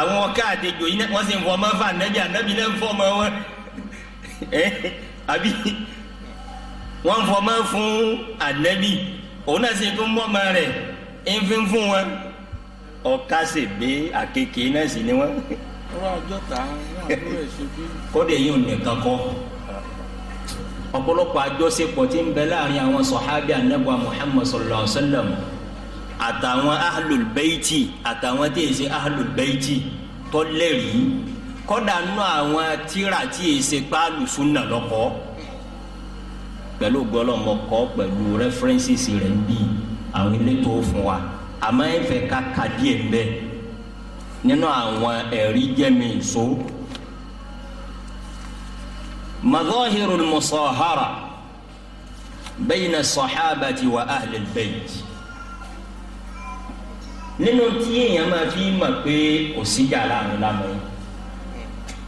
àwọn káàdé jò yìí wọ́n sì ń fọmọ́ fún anabi anabi náà ń fọmọ́ wọn ẹ eh, àbí wọ́n ń fọmọ́ fún anabi òun náà sì tún mọ́mọ́ rẹ̀ ń fi fún wọn ọ̀ka sì gbé àkekèé náà sì ni wọ́n. kódé yìí ò nìkan kọ́ ọ̀pọ̀lọpọ̀ àjọṣepọ̀ tí ń bẹ láàrin àwọn sọ̀hábì anábọ̀ Muhammad sallallahu alaihi wa sallam àtàwọn ahlul bayti àtàwọn tí èsì ahlul bayti tọ́lẹ̀rí kọ́dà nù àwọn tíra tí èsì páàlù súnà lọ́kọ́ pẹ̀lú gbọ́lọ́mọkọ́ pẹ̀lú rẹ́fúrẹ́nsì rẹ̀ ń bí àwọn elétò fún wa àmọ́ ẹ̀fẹ̀ ká kàdí ẹ̀ bẹ́ẹ̀ nínú àwọn ẹ̀rí jẹ́mi ìṣó. مظاهر المصاهرة بين الصحابة وأهل البيت nínú tí èèyàn máa fi mọ̀ pé kò síjà láàrin lamọ̀yìn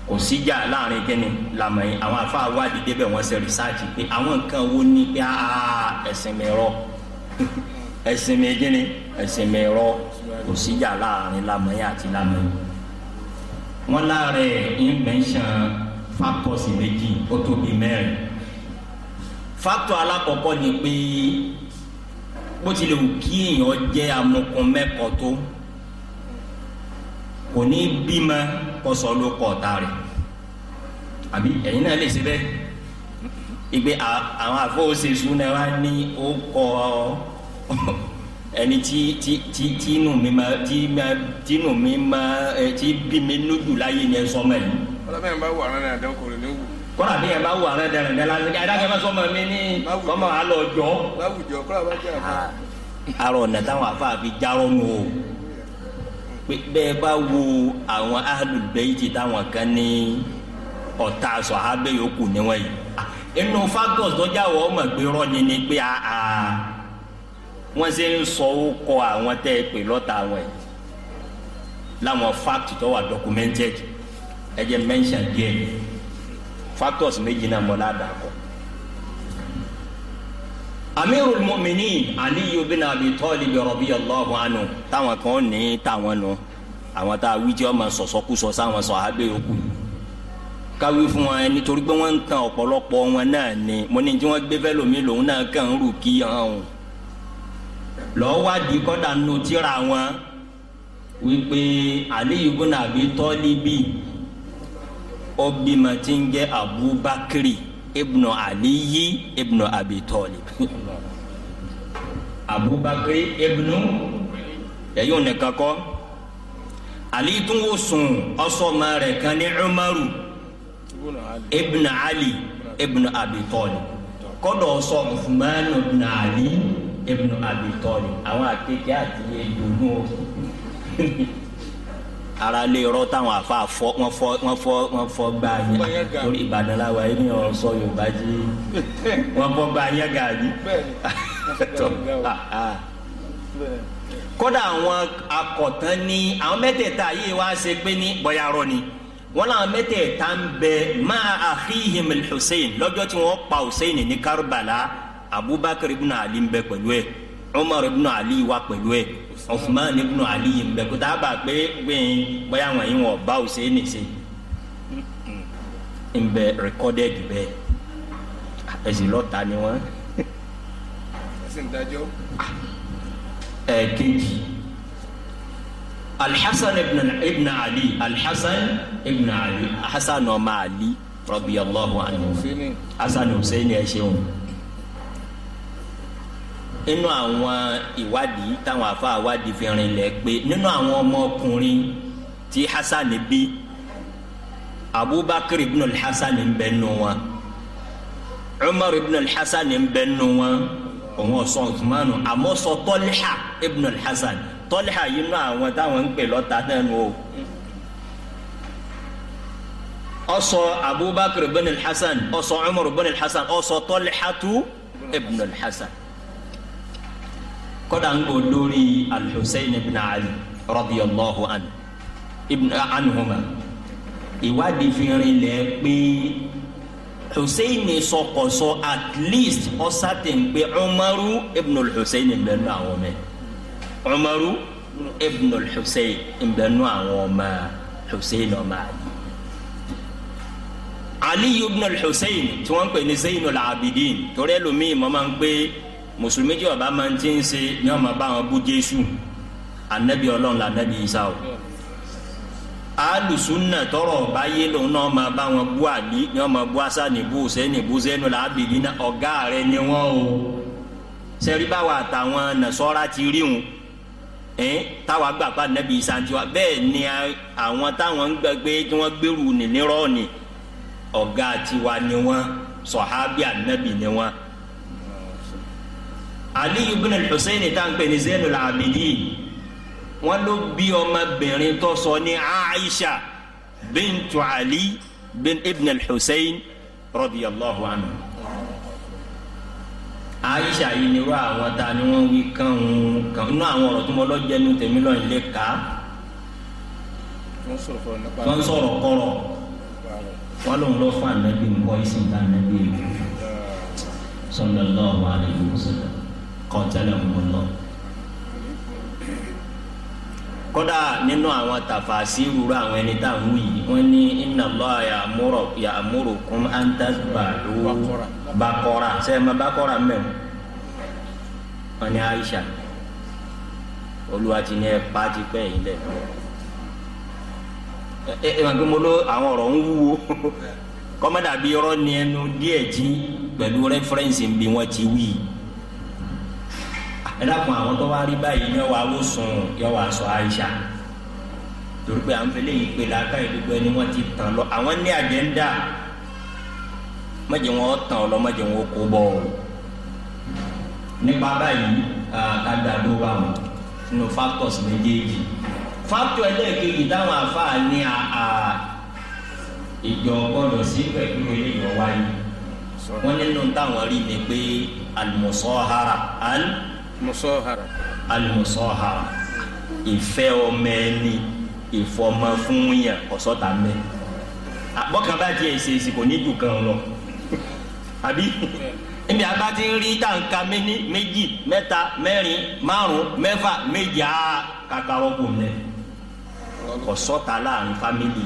kò síjà láàrin kíni lamọ̀yìn àwọn afáà wádìí débẹ̀ wọ́n ṣe rìsáàjì pé àwọn nǹkan wo ní pé ẹ̀sìn mi rọ ẹ̀sìn mi kíni ẹ̀sìn mi rọ kò síjà láàrin lamẹ́yìn àti lamẹ́yìn wọn láàrẹ̀ ìmẹ̀nsán fakọ́sì méjì ó tóbi mẹ́rin fàtọ́ alákọ̀ọ́kọ́ ni pé bó tilẹ̀ wù kí èèyàn jẹ́ amukun mẹ́kọ̀ọ́ tó kò ní bímọ kọsọ ló kọ ọ̀tá rẹ̀ àbí ẹ̀yin náà lè ṣe bẹ́ẹ̀ ìgbé àwọn àfọwọ́sẹ̀ sùn náà wá ní ó kọ́ ọ ẹni tí tí tí tí inú mi ma tí ma tí inú mi ma ẹ tí bí mi lójú láyé yẹn sọmọ yìí. kọ́lá bẹ́ẹ̀ bá wà rẹ̀ ẹ̀dá kò lè ní wù. kọ́lá bẹ́ẹ̀ bá wà rẹ̀ ẹ̀dá rẹ̀ ẹ̀dá lásìkò ẹ̀dá kẹfẹ́ sọmọ mi ní sọmọ alọ jọ. láwùjọ kọ́lá bá jẹ́ àbá. arọ ọ̀nà táwọn afa fi jarọ́ nù o bẹ́ẹ̀ bá wo àwọn ahlul bayti táwọn kan ní ọ̀tá sọ̀hábẹ́ yòókù níwọ̀nyí. inú fagọ́s tó jáwọ́ ọmọ gbé rọ́ọ̀ni wọ́n ṣe ń sọ ó àwọn tẹ́ ẹ pè lọ́ta wọn yìí láwọn fact tó wà documented ẹ jẹ́ mention díẹ̀ factors méjì náà mọ́ ládàá kọ́. amirul mu'minin aliyu bin abi talib radiyallahu anhu táwọn kan ní táwọn nù àwọn tá a wíjẹ́ ọmọ sọ̀sọ́kúsọ sáwọn káwí fún wọn ẹni torí pé wọ́n ń tan ọ̀pọ̀lọpọ̀ wọn náà ni mo ní tí gbé fẹ́ lómi lòun náà kàn ń lọ́wádìí kọ́dà nù tíra wọn wípé Aliyu bin Abi Tọ́líbì obìmọ̀ tí ń jẹ́ Abubakar ibn Aliyi ibn Abi Tọ́líbì Abubakar ibn ẹ̀yọ́ nìkan kọ́ Aliyu tún wò sùn ọ̀sọ́mọ rẹ̀ kan ní Umaru ibn Ali ibn Abi Tọ́líbì kọ́dọ̀ sọ Usman ibn Ali. ibnu abi tọ́lì àwọn àkekè àti ẹ̀dùnú ara lè rọ táwọn afa fọ wọn fọ wọn fọ wọn fọ gba yẹn lórí ìbàdàn la wa yìí ni ọ̀rọ̀ sọ yorùbá jí wọn fọ gba yẹn gàdí kódà àwọn akọ̀tàn ní àwọn mẹ́tẹ̀ẹ̀ta yìí wá ṣe pé ní bọ́yá rọ ni wọn làwọn mẹ́tẹ̀ẹ̀ta ń bẹ máa àfihìm Hussein lọ́jọ́ tí wọ́n pa Hussein ní Karbala abubakar ibn ali ń bẹ pẹ̀lú ẹ̀ umar ibn ali wà pẹ̀lú ẹ̀ usman ibn ali ń bẹ kó dábàá pé gbẹ̀yìn bóyá àwọn yìí wọ́n bá òsè nìṣe ń bẹ recorded bẹ́ẹ̀ ẹ̀sìn lọ́ta ni wọ́n. ẹ̀sìn dájọ́. ẹ̀ẹ́dẹ́jì. الحسن ابن ابن علي الحسن ابن علي حسن وما علي رضي الله عنه حسن حسين يا شيخ nínú àwọn ìwádìí táwọn afa ìwádìí fi rinlẹ̀ pé nínú àwọn ọmọkùnrin tí Hasan bí Abubakar ibn al-Hasan ń bẹ nù wọn Umar ibn al-Hasan ń bẹ nù wọn òun ọ̀sán Uthmanu àmọ́ sọ Tọ́líhà ibn al-Hasan Tọ́líhà yìí nù àwọn táwọn ń pè lọ́ta náà nù o ọsọ abubakar bin al-hasan ọsọ umar bin al-hasan ọsọ tolhatu ibn al-hasan kódà ń gbọ́ lórí alḥusayn ibn ali radiyallahu anhu ibn anhuma ìwádìí fi rinlẹ̀ pé hussein sọkọsọ at least ọsàtẹn pé umaru ibn hussein ń bẹ nù àwọn ọmọ ẹ̀ umaru ibn hussein ń bẹ nù àwọn ọmọ hussein ọmọ ali ali ibn hussein tí wọ́n ń pè ní zainul abidin torí ẹlòmíì mọ́ máa ń pè é mùsùlùmí tí ọba máa ń ti ń ṣe ní ọmọ bá wọn bú jésù anabi Ọlọ́run la anabi isa o alùsùnà tọrọ ọba yé lòun náà máa bá wọn bú àbí ní ọmọ bú asa nìbú sẹni bú sẹnu là ábìlí náà ọgá rẹ ni wọn o sẹrí báwa àtàwọn nàṣọra ti rí wọn ẹn táwa gbà pa anabi isa tiwa bẹ́ẹ̀ ni àwọn táwọn ń gbàgbé tí wọn gbèrú nìlérọ ni ọgá tiwa ni wọn sọhábíà anabi ni wọn. So ali ibn al-Husayn tá à ń pè ní Zainul Abidin wọ́n ló bí ọmọbìnrin tó sọ ní Aisha bintu Ali bin ibn al-Husayn radiyallahu anhu aisha yìí ni wá àwọn ta ni wọn wí kàn ń kàn nínú àwọn ọ̀rọ̀ tí mo lọ jẹnu tèmi lọ ilé ká wọn sọ̀rọ̀ kọ̀rọ̀ wọn lòun lọ fún anabi nǹkan ìsìn tá anabi sallallahu alaihi wasallam qatalahumullah kódà nínú àwọn tàfàṣì rúra àwọn ẹni tá à ń wí wọn ní inna Allah ya'muru ya'murukum an tasbahu baqara sẹ́yìn baqara mẹ́wọ́ wọn ní Aisha olúwa ti ní ẹ pa ti pẹ́ yìí lẹ̀ ẹ ẹ màgbé mo ló àwọn ọ̀rọ̀ ń wúwo kọ́mọ́dà bíi ni ẹnu díẹ̀ jí pẹ̀lú rẹ́fúrẹ́ǹsì bí wọ́n ti wí yìí ẹ dákun àwọn tó wá rí báyìí ní ọwọ́ awòsàn yọ wà sọ àyíṣà torí pé à ń fẹlẹ́ yìí pé làákà ìdúgbò ẹni wọ́n ti tàn lọ àwọn ní àjẹ́ńdà mọ̀jẹ̀ wọn tàn ọ lọ mọ̀jẹ̀ wọn kó bọ̀ ọ́ nípa báyìí àgbàdo bá wọn nínú factors méjèèjì factor ẹlẹ́ẹ̀kejì táwọn afáà ní ìjọ gbọdọ̀ sí pẹ̀lú eléyìí wáyé wọn nínú táwọn rí ni pé àlùmọ̀sọ́ hara àlùmọ̀sọ́ musọhara. alimusọhara ìfẹ́ ọmọ ẹni ìfọmọ fún yẹn ọsọta mẹ àbọkàn bá tiẹ̀ ṣe èsì kò ní jù kan lọ àbí ẹmi àbá ti rí tàǹkà méní méjì mẹ́ta mẹ́rin márùn mẹ́fà méje àá kàkà ọkùnrin ọsọta láàrin fámìlì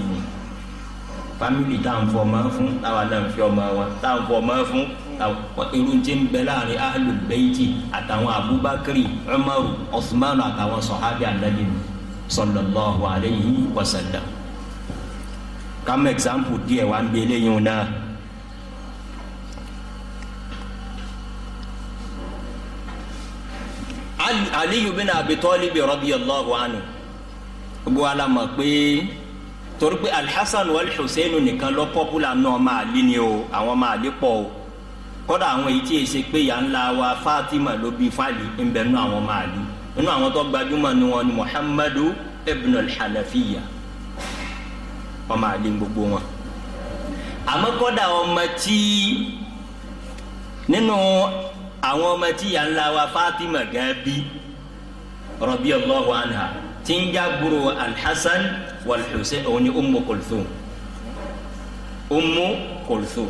family tá à ń fọmọ fún táwa náà fi ọmọ wọn tá à ń fọmọ fún irú tí ń bẹ láàrin ahlul bayti àtàwọn abubakari umaru osmanu àtàwọn sọhábì anabi sallallahu alayhi wa sallam kàmú example díẹ̀ wà ń bẹ lẹ́yìn náà. aliyu bin abi tọ́líbi radiyallahu anhu gbogbo ala mọ̀ pé torí pé alhassan wali hussein nìkan lọ pọ́pùlà náà máa lé ni o àwọn máa lé pọ̀ o kọ́dà àwọn èyí tí èsè pé yà ń la wa fatima ló bí fáàlì ń bẹ nínú àwọn máa lé nínú àwọn tó gbajúmọ̀ ni wọn ni muhammadu ibn al wọn máa lé gbogbo wọn àmọ́ kọ́dà ọmọ tí nínú àwọn ọmọ tí yà ń la wa fatima gẹ́gẹ́ bí radiyallahu anha tí ń jágbúrò alhassan wal Husayn òun ni Ummu Kulthum Ummu Kulthum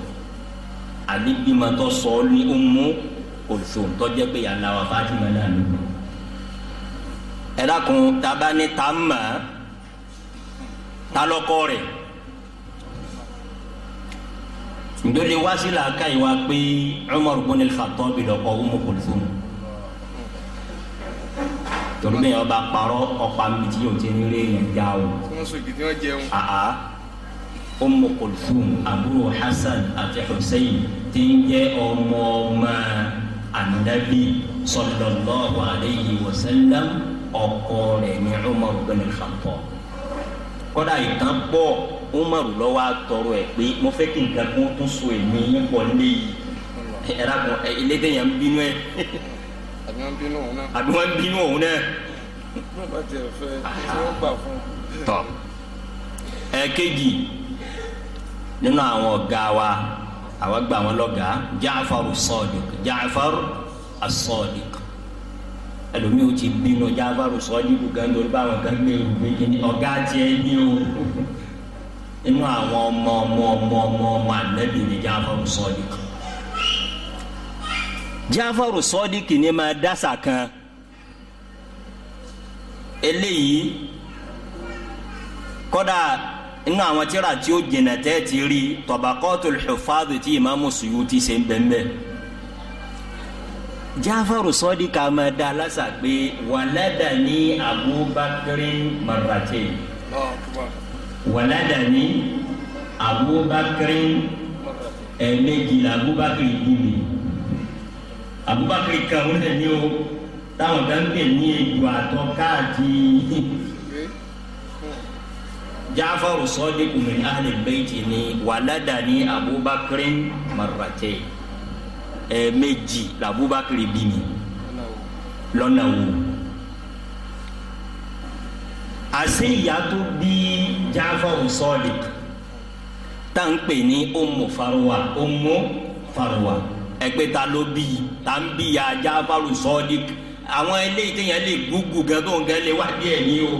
àbí bímọtọ sọ ní Ummu Kulthum tó jẹ́ pé yàrá wa Fatima náà ló lò ẹ dákun taba ni ta mọ̀ ta lọ́kọ rẹ̀ ǹjọ́ lè wá sí làákàyè wa Kulthum torí bẹ́ẹ̀ yẹn ọba parọ́ ọ̀pá mi tí yóò ti ń rí yẹn já o. wọ́n sọ àbúrò Hasan àti Hussein ti ń jẹ́ ọmọ ọmọ anabi sallallahu alayhi wa sallam ọkọ rẹ̀ ní Umar bin Khattab kọ́dà ìtàn pọ̀ Umar lọ́wọ́ àtọ̀rọ̀ ẹ̀ pé mo fẹ́ kí nǹkan kún tó so èmi yín pọ̀ nílé yìí ẹ̀rọ ilé tẹ̀yàn bínú ẹ̀. wọ́n bínú òun náà. àbí wọ́n bínú òun náà. wọ́n bá tiẹ̀ fẹ́ tí wọ́n gbà fún un. tọ ẹ̀ẹ̀kejì nínú àwọn ọ̀gá wa àwọn gbà wọn lọ́gàá jáfàrú sọ́ọ̀dìk jáfàrú asọ́ọ̀dìk ẹlòmíì ó ti bínú jáfàrú sọ́ọ̀dìk gan lórí báwọn kan gbé ìwé ọ̀gá tiẹ̀ ní o inú àwọn ọmọ ọmọ ọmọ ọmọ ọmọ ànábì jáfàrú sọ́ọ̀dìk jáfàrù sọ́díkì ni ma dásà kan eléyìí kódà inú àwọn tíra tí ó jìnà tẹ́ ti rí Tabaqatul Huffaz tí Ìmáàmù Suyuti ṣe ń bẹ́ẹ̀ jáfàrù sọ́díkì a máa dá lásà pé waladani Abubakrin marratayn waladani Abubakrin ẹ̀ẹ́mẹ́jì làbúbákiri bí mi. Abubakar kan wọn lè ní o táwọn kan pè ní ejò àtọ káàdì Ja'faru Sadiq min ahli bayti ni waladani Abubakar marrate ẹ̀ẹ̀mejì l'Abubakar bí mi lọ́nà wo àṣé ìyá tó bí Ja'faru Sadiq tá ní Ummu Farwa Ummu Farwa ẹgbẹ́ta ló bí yìí. tambiya jafaru sọdik àwọn eléyìí téèyàn lè gúgù gan tó ń gan lè wá díẹ̀ ní o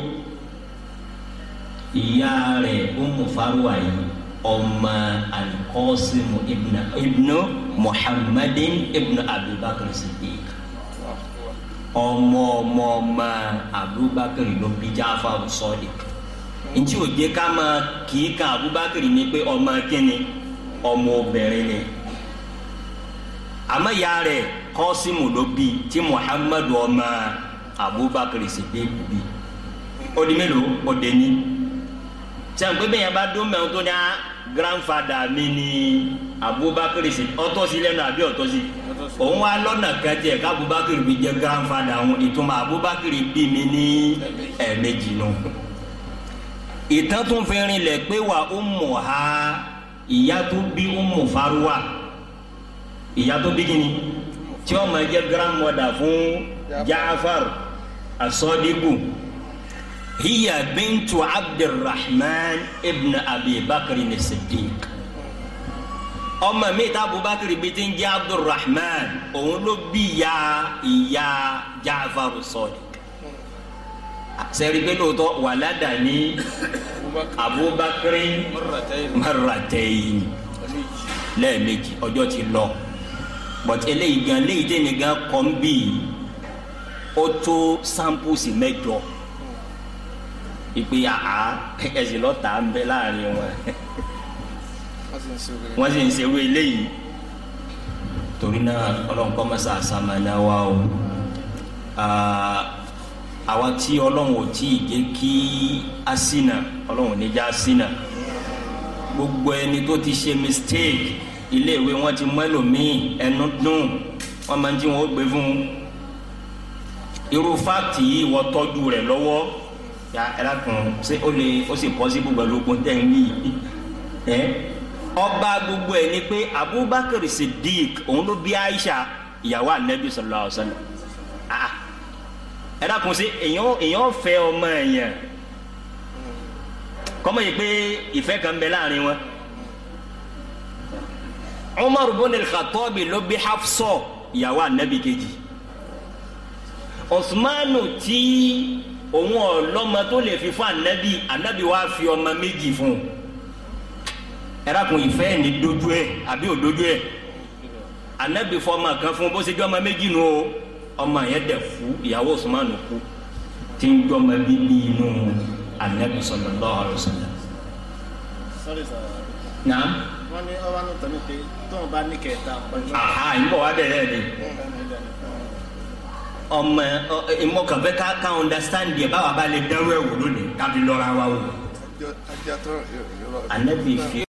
ìyá rẹ̀ Ummu Farwa yìí ọmọ alikọ́símù ibnu muhammadin ibnu abubakar siddiq ọmọ ọmọ ọmọ abubakar ló bí jafaru sọdik ntí òjé ká máa abubakar ní pé ọmọ kíni ọmọ àmọ́ ìyá rẹ̀ kọ́símù ló bí tí muhammadu ọmọ abubakar sèdè bí ó di mélòó ó dé ní. sàǹpé bẹ́ẹ̀ yẹn bá dún mẹ́rin tó ní grandfada mi ni abubakar sèdè ọtọ́ sí lẹ́nu àbí ọtọ́ sí òun wá lọ́nà kan tiẹ̀ ká abubakar fi jẹ́ grandfada òun ìtumọ̀ abubakar bí mi ní ẹ̀ẹ̀mejì nù. ìtàn tún pé wà ó mọ̀ ha ìyá tó bí ó mọ̀ faruwa ìyá tó bí kíni tí ó máa jẹ́ grandmother fún jaafar asọ́díkù hiya bintu abdulrahman ibn abi bakri ni siddiq ọmọ mi ta abubakar bi ti ń jẹ́ abdulrahman òun ló bí ìyá ìyá jaafar asọ́díkù sẹ́rí pé lóòótọ́ wàládà ní abubakar maratayi lẹ́ẹ̀mejì ọjọ́ ti lọ but eléyìí gan léyìí tẹ̀mí gan kọ́ ń bì í ó tó samples mẹ́jọ ìpè àá ẹ̀sìn lọ́tà ń bẹ láàrin wọn wọ́n sì ń ṣerú eléyìí torí náà ọlọ́run kọ́ mọ́sá àsàmánà wa o àwa tí ọlọ́run ò tí ì jẹ́ kí a sínà ọlọ́run ò ní já sínà gbogbo ẹni tó ti ṣe mistake iléèwé wọn ti mú ẹlòmíì ẹnu dùn wọn máa ń tí wọn ó gbé fún un irú fáàtì yìí wọ́n tọ́jú rẹ̀ lọ́wọ́ ya ẹ̀rá kan ṣé ó lè ó sì pọ́sibú pẹ̀lú ogun tẹ̀ ń yí ẹ́ ọba gbogbo ẹ̀ ni pé Abubakar Siddiq òun ló bí Aisha ìyàwó anabi sallallahu alaihi wasallam ah, ah. ẹ̀rá kan ṣe èèyàn èèyàn fẹ́ ọmọ ẹ̀yàn kọ́mọ yìí pé ìfẹ́ kan bẹ láàrin wọn umar bin al-khattabi ló bí hafsọ ìyàwó anabi kejì osmanu tí òun ọlọ́mọ tó lè fi fún anabi anabi wàá fi ọmọ méjì fún un ẹ̀rákùn ìfẹ́ ní dojú ẹ̀ àbí ò dojú ẹ̀ anabi fọmọ kan fún bó ṣe jọ́ ọmọ méjì nù o ọmọ yẹn dẹ̀ fú ìyàwó osmanu kú tí ń jọ́ ọmọ bíbí inú anabi sallallahu alaihi wasallam. sọ́rí sọ̀rọ̀. náà. wọ́n ní ọwọ́ àná tẹ̀lé pé tó ń bá ní kẹta. àà ń bọ̀ wá bẹ̀rẹ̀ ni ọmọ ìmọ̀kànfẹ́ ká ká understand yẹ báwa bá lè dẹ́rù ẹ̀ wò lónìí kábi wa wò. anabi fi.